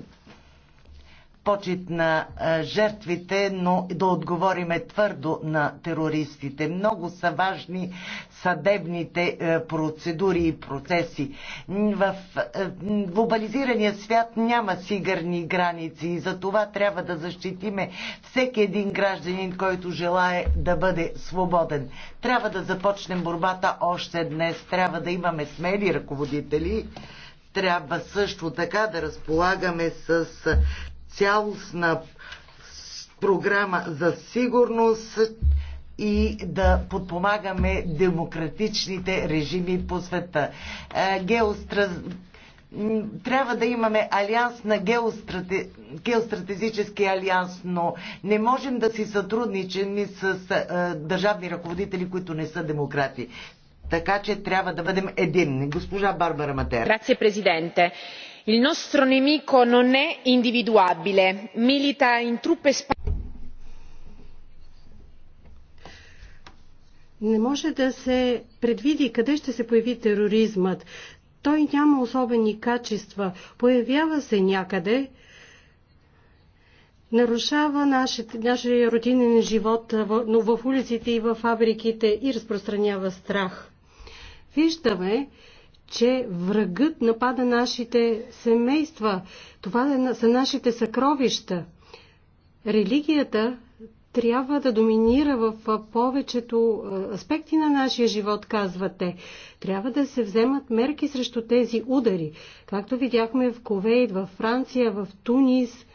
почет на жертвите, но да отговориме твърдо на терористите. Много са важни съдебните процедури и процеси. В глобализирания свят няма сигърни граници и за това трябва да защитиме всеки един гражданин, който желае да бъде свободен. Трябва да започнем борбата още днес. Трябва да имаме смели ръководители трябва също така да разполагаме с цялостна програма за сигурност и да подпомагаме демократичните режими по света. Е, Геостраз... Трябва да имаме алианс на геострате... геостратезически алианс, но не можем да си сътрудничим с е, държавни ръководители, които не са демократи. Така че трябва да бъдем единни. Госпожа Барбара Матер. Грация, президенте il nostro nemico non è individuabile milita in truppe. Не може да се предвиди къде ще се появи тероризмът. Той няма особени качества. Появява се някъде, нарушава нашия родинен живот но в улиците и в фабриките и разпространява страх. Виждаме, че врагът напада нашите семейства. Това е са нашите съкровища. Религията трябва да доминира в повечето аспекти на нашия живот, казвате. Трябва да се вземат мерки срещу тези удари. Както видяхме в Ковейт, в Франция, в Тунис,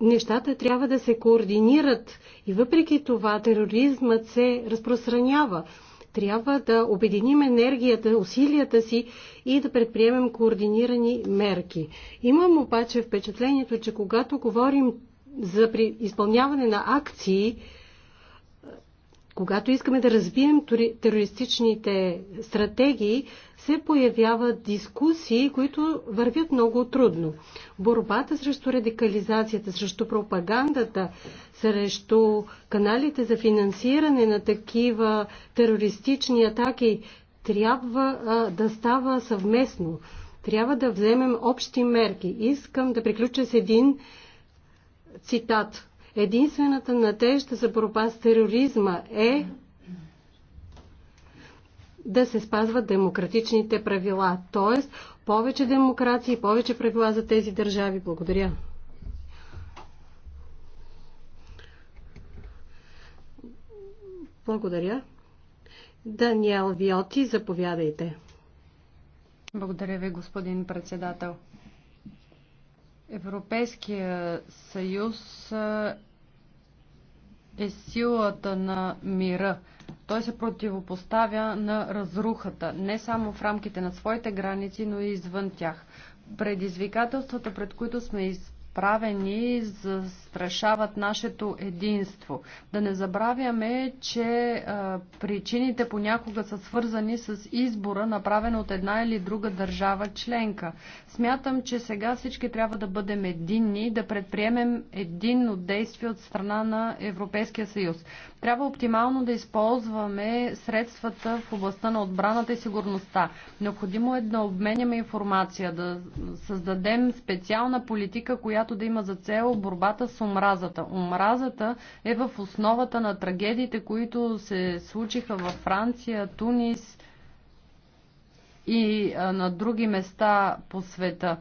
нещата трябва да се координират и въпреки това тероризмът се разпространява. Трябва да обединим енергията, усилията си и да предприемем координирани мерки. Имам обаче впечатлението, че когато говорим за изпълняване на акции, когато искаме да разбием терористичните стратегии, се появяват дискусии, които вървят много трудно. Борбата срещу радикализацията, срещу пропагандата, срещу каналите за финансиране на такива терористични атаки трябва а, да става съвместно. Трябва да вземем общи мерки. Искам да приключа с един цитат Единствената надежда за борба с тероризма е да се спазват демократичните правила, т.е. повече демокрация и повече правила за тези държави. Благодаря. Благодаря. Даниел Виоти, заповядайте. Благодаря ви, господин председател. Европейския съюз е силата на мира. Той се противопоставя на разрухата, не само в рамките на своите граници, но и извън тях. Предизвикателствата, пред които сме изправени, правени застрашават нашето единство. Да не забравяме, че причините понякога са свързани с избора, направен от една или друга държава членка. Смятам, че сега всички трябва да бъдем единни и да предприемем единно действие от страна на Европейския съюз. Трябва оптимално да използваме средствата в областта на отбраната и сигурността. Необходимо е да обменяме информация, да създадем специална политика, която която да има за цел борбата с омразата. Омразата е в основата на трагедиите, които се случиха във Франция, Тунис и на други места по света.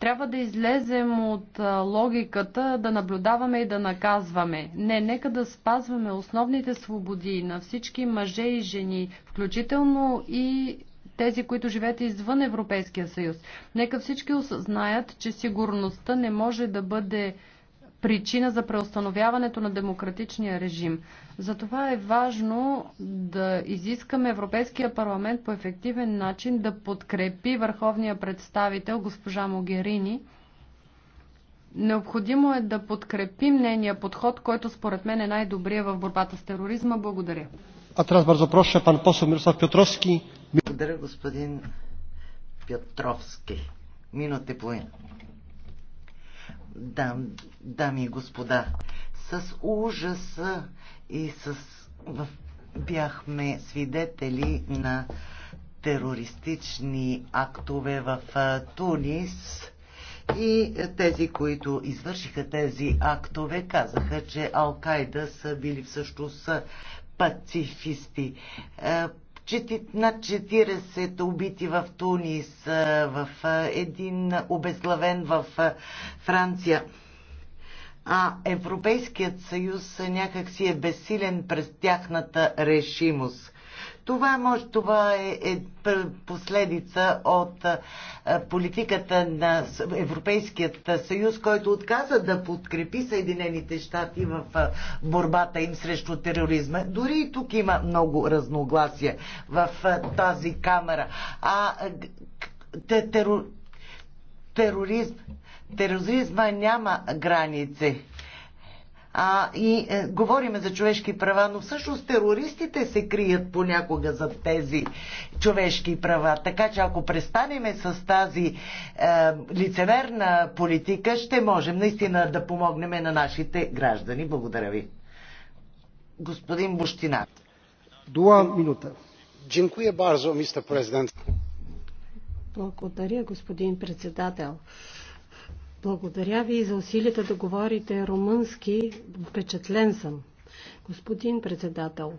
Трябва да излезем от логиката да наблюдаваме и да наказваме. Не, нека да спазваме основните свободи на всички мъже и жени, включително и тези, които живеят извън Европейския съюз. Нека всички осъзнаят, че сигурността не може да бъде причина за преустановяването на демократичния режим. Затова е важно да изискаме Европейския парламент по ефективен начин да подкрепи върховния представител госпожа Могерини. Необходимо е да подкрепим нейния подход, който според мен е най-добрия в борбата с тероризма. Благодаря. А трябва да запроша пан посол Мирослав Петровски. Благодаря, господин Петровски. Минуте по Дам, дами и господа, с ужаса и с... бяхме свидетели на терористични актове в Тунис и тези, които извършиха тези актове, казаха, че Алкайда са били всъщност пацифисти. Е, над 40 убити в Тунис, в един обезглавен в Франция. А Европейският съюз някак си е безсилен през тяхната решимост. Това, може, това е, е последица от е, политиката на Европейският съюз, който отказа да подкрепи Съединените щати в е, борбата им срещу тероризма. Дори и тук има много разногласия в е, тази камера. А тероризм, тероризма няма граници а, и е, говориме за човешки права, но всъщност терористите се крият понякога за тези човешки права. Така че ако престанеме с тази е, лицемерна политика, ще можем наистина да помогнем на нашите граждани. Благодаря ви. Господин Буштина. Два минута. Дякую мистер президент. Благодаря, господин председател. Благодаря ви за усилията да говорите румънски. Впечатлен съм. Господин председател,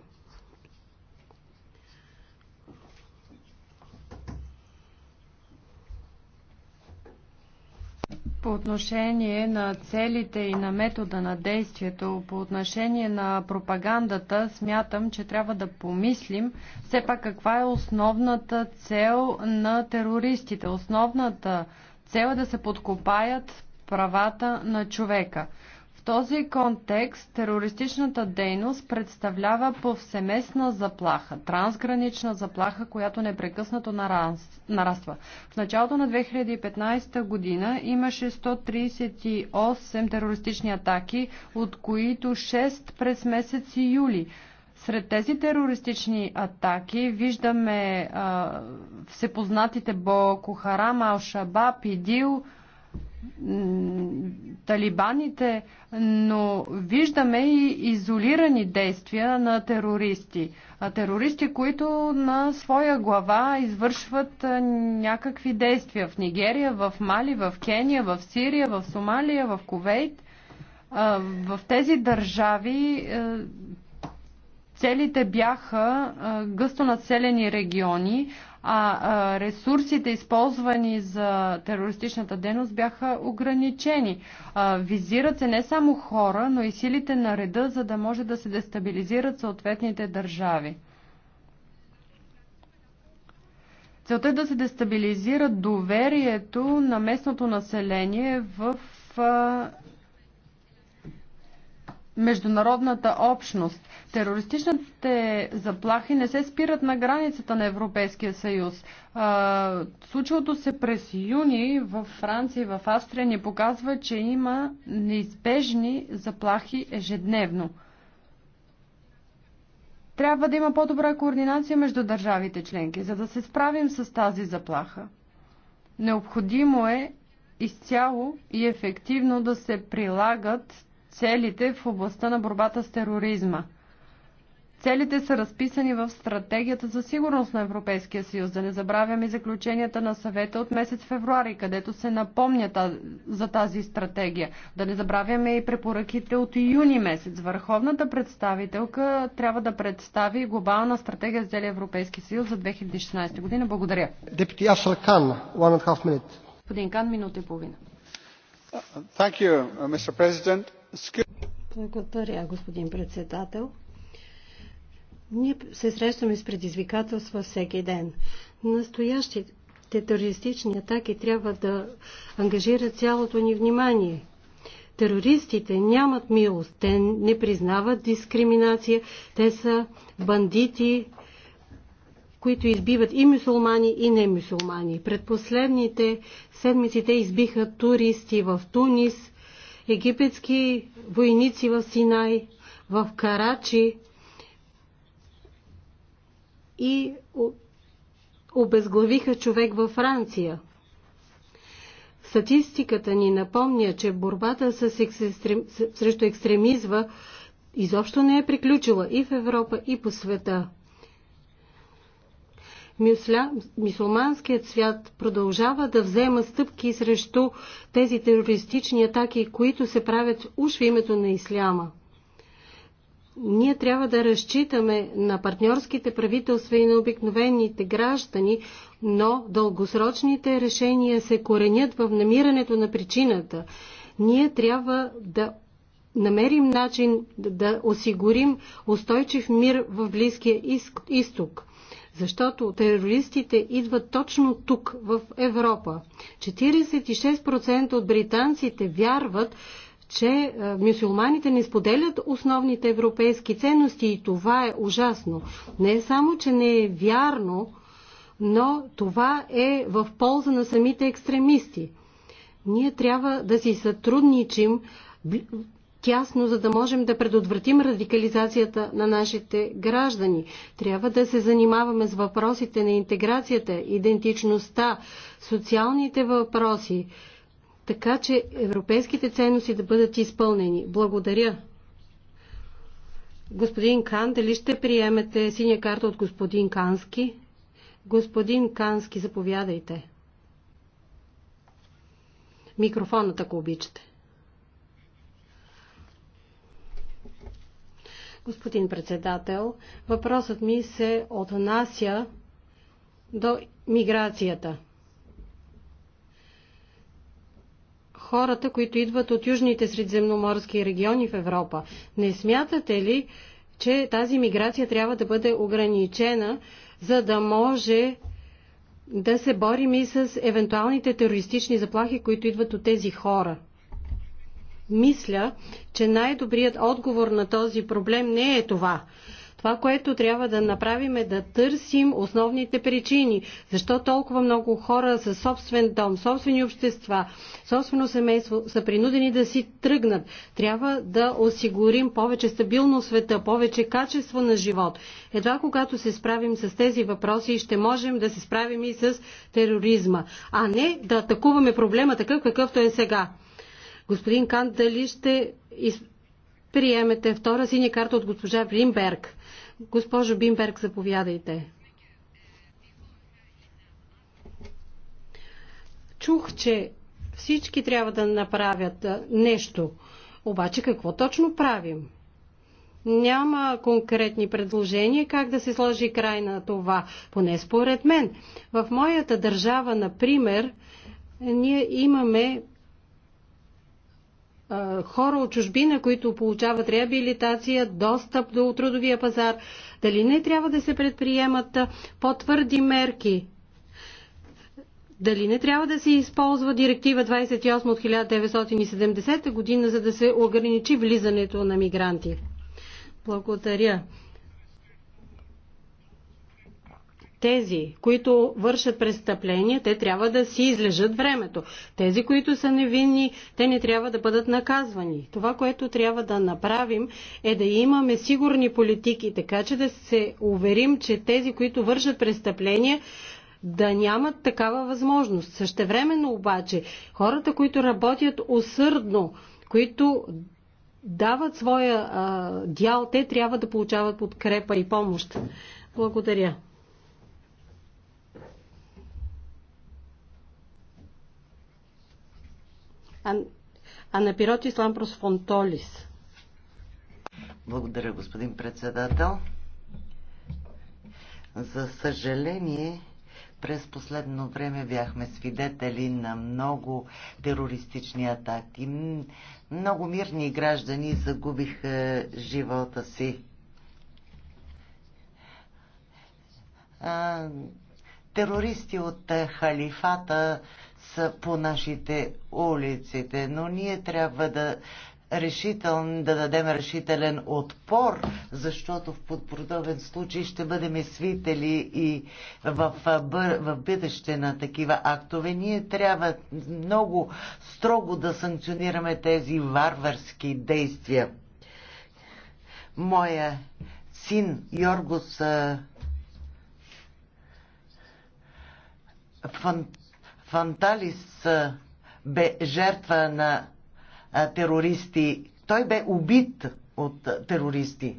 По отношение на целите и на метода на действието, по отношение на пропагандата, смятам, че трябва да помислим все пак каква е основната цел на терористите. Основната цел цел е да се подкопаят правата на човека. В този контекст терористичната дейност представлява повсеместна заплаха, трансгранична заплаха, която непрекъснато нараства. В началото на 2015 година имаше 138 терористични атаки, от които 6 през месец юли. Сред тези терористични атаки виждаме а, всепознатите Боко Харам, Ал-Шабаб, Идил, талибаните, но виждаме и изолирани действия на терористи. Терористи, които на своя глава извършват някакви действия в Нигерия, в Мали, в Кения, в Сирия, в Сомалия, в Ковейт. В тези държави Целите бяха гъсто населени региони, а ресурсите, използвани за терористичната дейност, бяха ограничени. Визират се не само хора, но и силите на реда, за да може да се дестабилизират съответните държави. Целта е да се дестабилизира доверието на местното население в международната общност. Терористичните заплахи не се спират на границата на Европейския съюз. А, случилото се през юни в Франция и в Австрия ни показва, че има неизбежни заплахи ежедневно. Трябва да има по-добра координация между държавите членки, за да се справим с тази заплаха. Необходимо е изцяло и ефективно да се прилагат целите в областта на борбата с тероризма. Целите са разписани в стратегията за сигурност на Европейския съюз. Да не забравяме заключенията на съвета от месец февруари, където се напомня за тази стратегия. Да не забравяме и препоръките от юни месец. Върховната представителка трябва да представи глобална стратегия за целия Европейски съюз за 2016 година. Благодаря. Депути Ашер Кан, one and half minute. Господин Кан, минута и половина. Thank you, uh, Mr. President. Благодаря, господин председател. Ние се срещаме с предизвикателства всеки ден. Настоящите терористични атаки трябва да ангажират цялото ни внимание. Терористите нямат милост, те не признават дискриминация, те са бандити, които избиват и мусулмани, и не мусулмани. Пред последните седмици те избиха туристи в Тунис, египетски войници в Синай, в Карачи и обезглавиха човек във Франция. Статистиката ни напомня, че борбата с екстрем... срещу екстремизма изобщо не е приключила и в Европа, и по света мисулманският свят продължава да взема стъпки срещу тези терористични атаки, които се правят уж в името на исляма. Ние трябва да разчитаме на партньорските правителства и на обикновените граждани, но дългосрочните решения се коренят в намирането на причината. Ние трябва да намерим начин да осигурим устойчив мир в Близкия изток защото терористите идват точно тук, в Европа. 46% от британците вярват, че е, мюсюлманите не споделят основните европейски ценности и това е ужасно. Не само, че не е вярно, но това е в полза на самите екстремисти. Ние трябва да си сътрудничим тясно, за да можем да предотвратим радикализацията на нашите граждани. Трябва да се занимаваме с въпросите на интеграцията, идентичността, социалните въпроси, така че европейските ценности да бъдат изпълнени. Благодаря. Господин Кан, дали ще приемете синя карта от господин Кански? Господин Кански, заповядайте. Микрофонът, ако обичате. Господин председател, въпросът ми се отнася до миграцията. Хората, които идват от южните средземноморски региони в Европа, не смятате ли, че тази миграция трябва да бъде ограничена, за да може да се борим и с евентуалните терористични заплахи, които идват от тези хора? мисля, че най-добрият отговор на този проблем не е това. Това, което трябва да направим е да търсим основните причини. Защо толкова много хора със собствен дом, собствени общества, собствено семейство са принудени да си тръгнат? Трябва да осигурим повече стабилно света, повече качество на живот. Едва когато се справим с тези въпроси, ще можем да се справим и с тероризма, а не да атакуваме проблема такъв какъвто е сега. Господин Кан, дали ще из... приемете втора синя карта от госпожа Бимберг? Госпожо Бимберг, заповядайте. Чух, че всички трябва да направят нещо. Обаче какво точно правим? Няма конкретни предложения как да се сложи край на това, поне според мен. В моята държава, например, ние имаме хора от чужбина, които получават реабилитация, достъп до трудовия пазар, дали не трябва да се предприемат по-твърди мерки? Дали не трябва да се използва директива 28 от 1970 година, за да се ограничи влизането на мигранти? Благодаря. тези, които вършат престъпления, те трябва да си излежат времето. Тези, които са невинни, те не трябва да бъдат наказвани. Това, което трябва да направим, е да имаме сигурни политики, така че да се уверим, че тези, които вършат престъпления, да нямат такава възможност. Същевременно обаче, хората, които работят усърдно, които дават своя а, дял, те трябва да получават подкрепа и помощ. Благодаря. Анапиротис Лампрос Фонтолис. Благодаря, господин председател. За съжаление, през последно време бяхме свидетели на много терористични атаки. Много мирни граждани загубиха живота си. Терористи от халифата са по нашите улиците, но ние трябва да решителен, да дадем решителен отпор, защото в подпродобен случай ще бъдем свители и в, в, в бъдеще на такива актове. Ние трябва много строго да санкционираме тези варварски действия. Моя син Йоргос Фант Фанталис бе жертва на терористи. Той бе убит от терористи.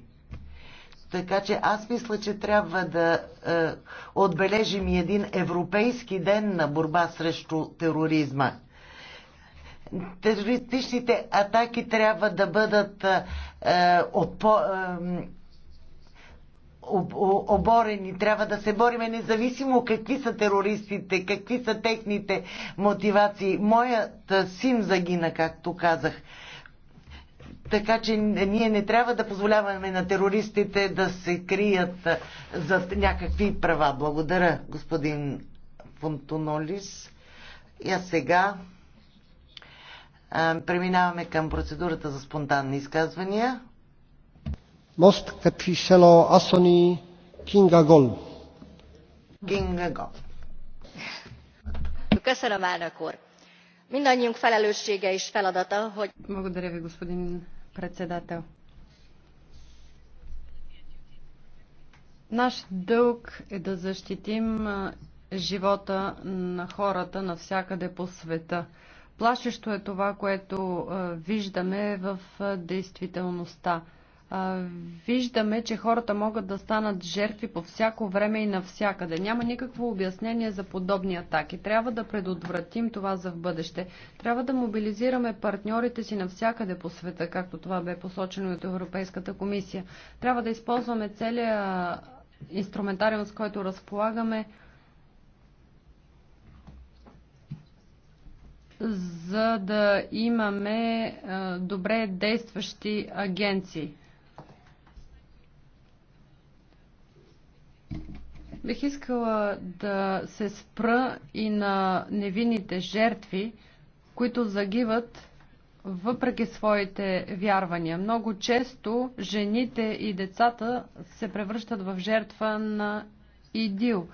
Така че аз мисля, че трябва да е, отбележим и един европейски ден на борба срещу тероризма. Терористичните атаки трябва да бъдат е, отпо, е, оборени. Трябва да се бориме независимо какви са терористите, какви са техните мотивации. Моят син загина, както казах. Така че ние не трябва да позволяваме на терористите да се крият за някакви права. Благодаря, господин Фонтонолис. И а сега преминаваме към процедурата за спонтанни изказвания most képviselő Asoni Kinga Gol. Kinga Gol. Köszönöm, elnök úr. Mindannyiunk felelőssége és feladata, hogy... Благодаря ви, господин председател. Наш дълг е да защитим живота на хората навсякъде по света. Плашещо е това, което виждаме в действителността виждаме, че хората могат да станат жертви по всяко време и навсякъде. Няма никакво обяснение за подобни атаки. Трябва да предотвратим това за в бъдеще. Трябва да мобилизираме партньорите си навсякъде по света, както това бе посочено от Европейската комисия. Трябва да използваме целият инструментариум, с който разполагаме, за да имаме добре действащи агенции. Бих искала да се спра и на невинните жертви, които загиват въпреки своите вярвания. Много често жените и децата се превръщат в жертва на идил.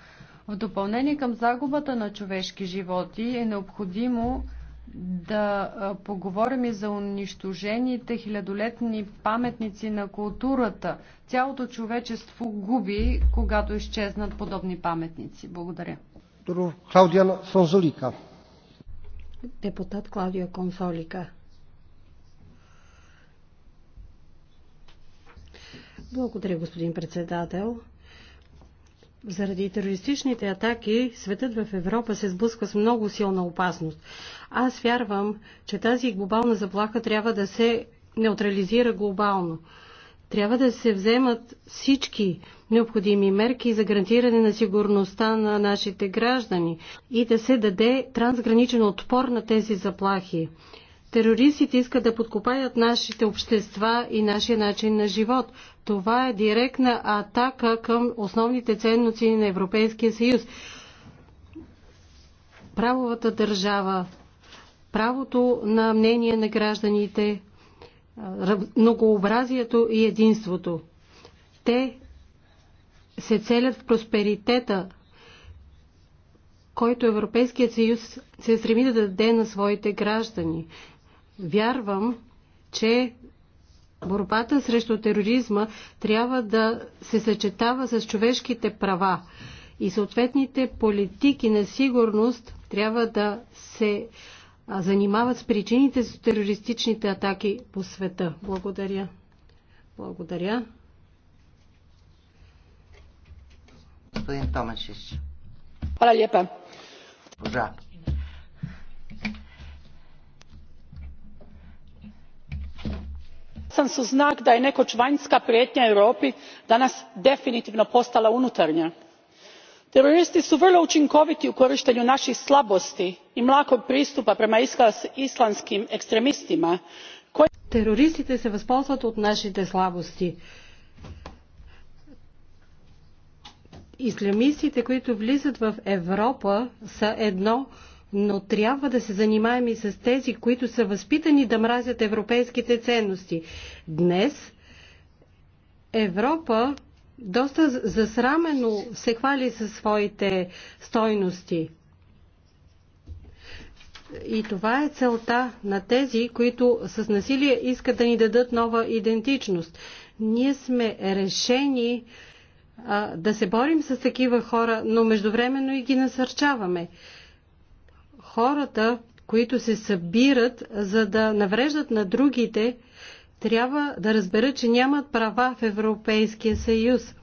В допълнение към загубата на човешки животи е необходимо да поговорим и за унищожените хилядолетни паметници на културата. Цялото човечество губи, когато изчезнат подобни паметници. Благодаря. Клаудия Консолика. Депутат Клаудия Консолика. Благодаря, господин председател. Заради терористичните атаки светът в Европа се сблъсква с много силна опасност. Аз вярвам, че тази глобална заплаха трябва да се неутрализира глобално. Трябва да се вземат всички необходими мерки за гарантиране на сигурността на нашите граждани и да се даде трансграничен отпор на тези заплахи. Терористите искат да подкопаят нашите общества и нашия начин на живот. Това е директна атака към основните ценности на Европейския съюз. Правовата държава, правото на мнение на гражданите, многообразието и единството. Те се целят в просперитета, който Европейският съюз се стреми да даде на своите граждани. Вярвам, че борбата срещу тероризма трябва да се съчетава с човешките права и съответните политики на сигурност трябва да се занимават с причините за терористичните атаки по света. Благодаря. Благодаря. Господин Томашич. Hvala lijepa. Божа. jasan su znak da je nekoć vanjska prijetnja europi danas definitivno postala unutarnja. teroristi su vrlo učinkoviti u korištenju naših slabosti i mlakog pristupa prema islamskim ekstremistima koji. Терористите се възползват от нашите слабости. Ислямистите, които влизат в Европа, са едно но трябва да се занимаем и с тези, които са възпитани да мразят европейските ценности. Днес Европа доста засрамено се хвали със своите стойности. И това е целта на тези, които с насилие искат да ни дадат нова идентичност. Ние сме решени а, да се борим с такива хора, но междувременно и ги насърчаваме хората, които се събират, за да навреждат на другите, трябва да разберат, че нямат права в Европейския съюз.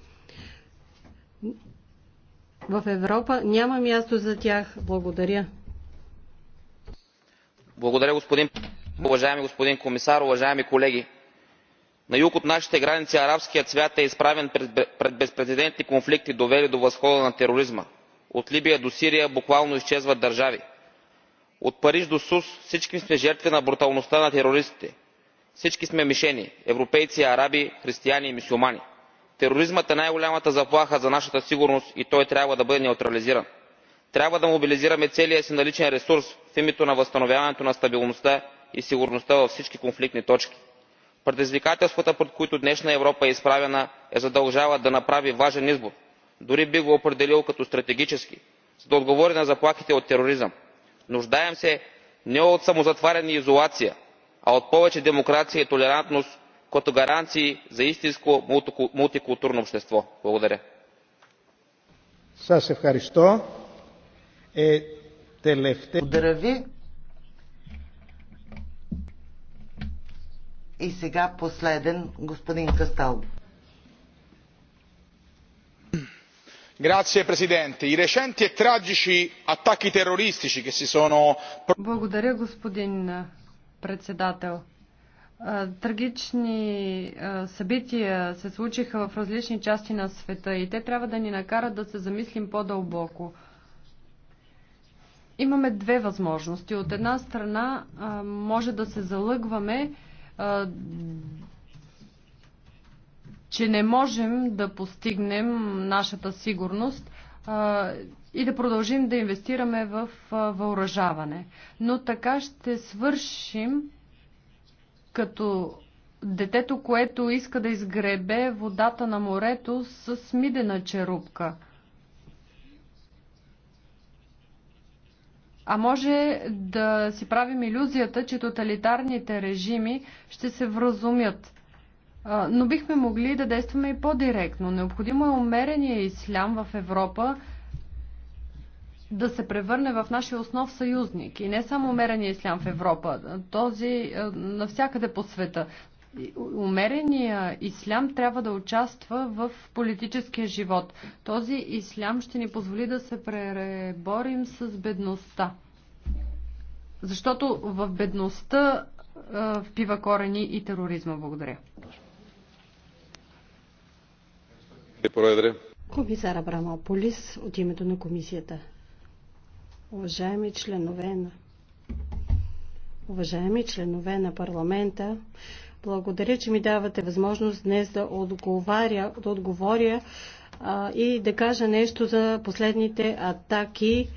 В Европа няма място за тях. Благодаря. Благодаря, господин. Уважаеми господин комисар, уважаеми колеги. На юг от нашите граници арабският свят е изправен пред безпрецедентни конфликти, довели до възхода на тероризма. От Либия до Сирия буквално изчезват държави от париж до сус всички сме жертви на бруталността на терористите. всички сме мишени европейци араби християни и мюсюлмани. тероризмът е най голямата заплаха за нашата сигурност и той трябва да бъде неутрализиран. трябва да мобилизираме целия си наличен ресурс в името на възстановяването на стабилността и сигурността във всички конфликтни точки. предизвикателствата пред които днешна европа е изправена я е задължават да направи важен избор дори бих го определил като стратегически за да отговори на заплахите от тероризъм нуждаем се не от самозатваряне и изолация а от повече демокрация и толерантност като гаранции за истинско мултикултурно общество. благодаря. Е благодаря ви. И сега последен господин Касталдо. signor presidente i recenti e tragici атаки terroristici che si sono. Благодаря господин председател. Трагични събития се случиха в различни части на света и те трябва да ни накарат да се замислим по-дълбоко. Имаме две възможности. От една страна може да се залъгваме че не можем да постигнем нашата сигурност и да продължим да инвестираме в въоръжаване. Но така ще свършим като детето, което иска да изгребе водата на морето с мидена черупка. А може да си правим иллюзията, че тоталитарните режими ще се вразумят но бихме могли да действаме и по-директно. Необходимо е умерения ислям в Европа да се превърне в нашия основ съюзник. И не само умерения ислям в Европа, този навсякъде по света. Умерения ислям трябва да участва в политическия живот. Този ислям ще ни позволи да се преборим с бедността. Защото в бедността впива корени и тероризма. Благодаря. Е, Комисар Абрамополис от името на комисията. Уважаеми членове на Уважаеми членове на парламента, благодаря, че ми давате възможност днес да, отговаря, да отговоря а, и да кажа нещо за последните атаки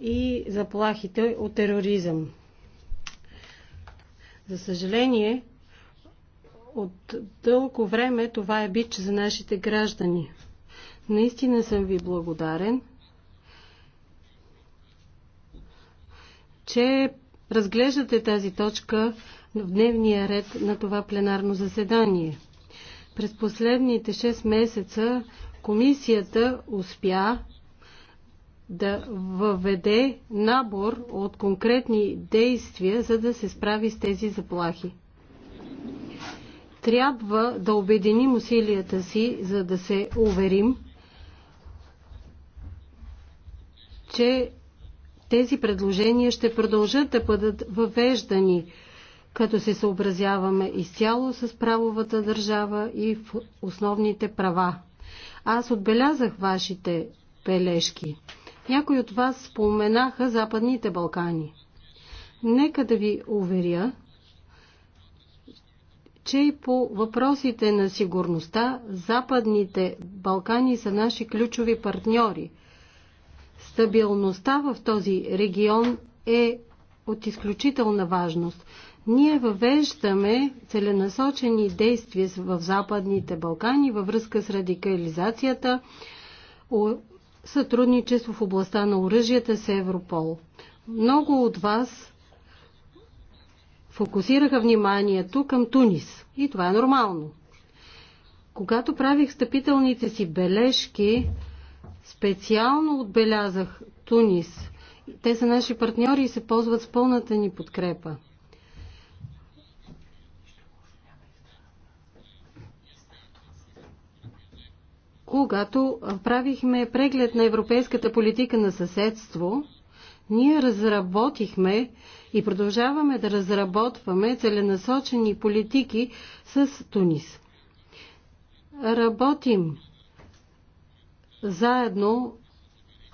и заплахите от тероризъм. За съжаление, от дълго време това е бич за нашите граждани. Наистина съм ви благодарен, че разглеждате тази точка в дневния ред на това пленарно заседание. През последните 6 месеца комисията успя да въведе набор от конкретни действия, за да се справи с тези заплахи трябва да обединим усилията си, за да се уверим, че тези предложения ще продължат да бъдат въвеждани, като се съобразяваме изцяло с правовата държава и в основните права. Аз отбелязах вашите бележки. Някои от вас споменаха Западните Балкани. Нека да ви уверя, че и по въпросите на сигурността Западните Балкани са наши ключови партньори. Стабилността в този регион е от изключителна важност. Ние въвеждаме целенасочени действия в Западните Балкани във връзка с радикализацията, сътрудничество в областта на оръжията с Европол. Много от вас фокусираха вниманието към Тунис. И това е нормално. Когато правих стъпителните си бележки, специално отбелязах Тунис. Те са наши партньори и се ползват с пълната ни подкрепа. Когато правихме преглед на европейската политика на съседство, ние разработихме и продължаваме да разработваме целенасочени политики с Тунис. Работим заедно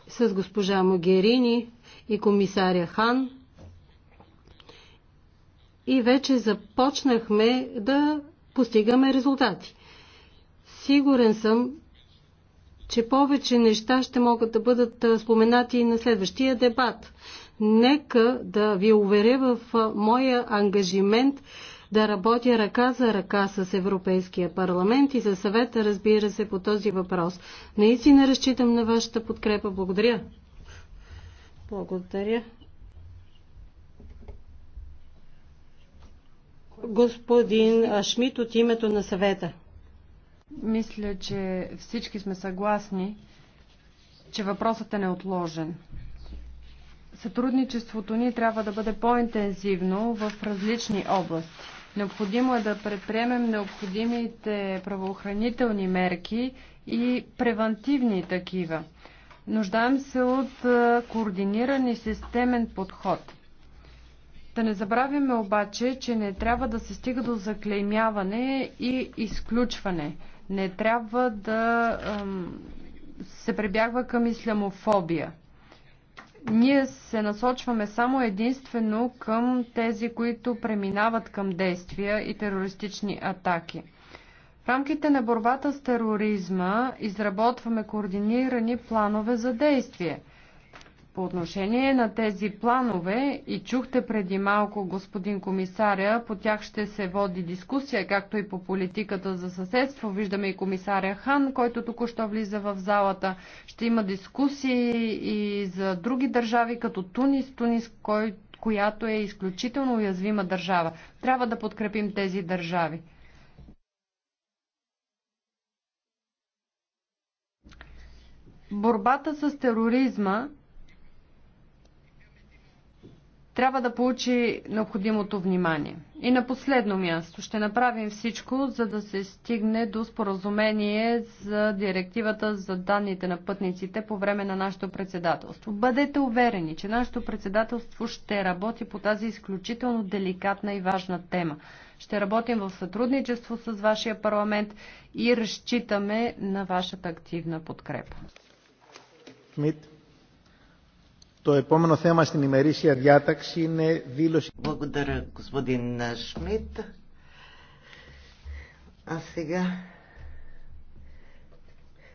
с госпожа Могерини и комисаря Хан и вече започнахме да постигаме резултати. Сигурен съм, че повече неща ще могат да бъдат споменати и на следващия дебат. Нека да ви уверя в моя ангажимент да работя ръка за ръка с Европейския парламент и за съвета, разбира се, по този въпрос. Наистина разчитам на вашата подкрепа. Благодаря. Благодаря. Господин Шмидт от името на съвета. Мисля, че всички сме съгласни, че въпросът е неотложен. Сътрудничеството ни трябва да бъде по-интензивно в различни области. Необходимо е да предприемем необходимите правоохранителни мерки и превантивни такива. Нуждаем се от координиран и системен подход. Да не забравяме обаче, че не трябва да се стига до заклеймяване и изключване. Не трябва да се прибягва към исламофобия. Ние се насочваме само единствено към тези, които преминават към действия и терористични атаки. В рамките на борбата с тероризма изработваме координирани планове за действие – по отношение на тези планове и чухте преди малко господин комисаря, по тях ще се води дискусия, както и по политиката за съседство. Виждаме и комисаря Хан, който току-що влиза в залата. Ще има дискусии и за други държави, като Тунис, Тунис, кой, която е изключително уязвима държава. Трябва да подкрепим тези държави. Борбата с тероризма трябва да получи необходимото внимание. И на последно място ще направим всичко, за да се стигне до споразумение за директивата за данните на пътниците по време на нашето председателство. Бъдете уверени, че нашето председателство ще работи по тази изключително деликатна и важна тема. Ще работим в сътрудничество с вашия парламент и разчитаме на вашата активна подкрепа. Мит. Το επόμενο θέμα στην ημερήσια διάταξη είναι δήλωση... Благодаря, господин Шмидт. А сега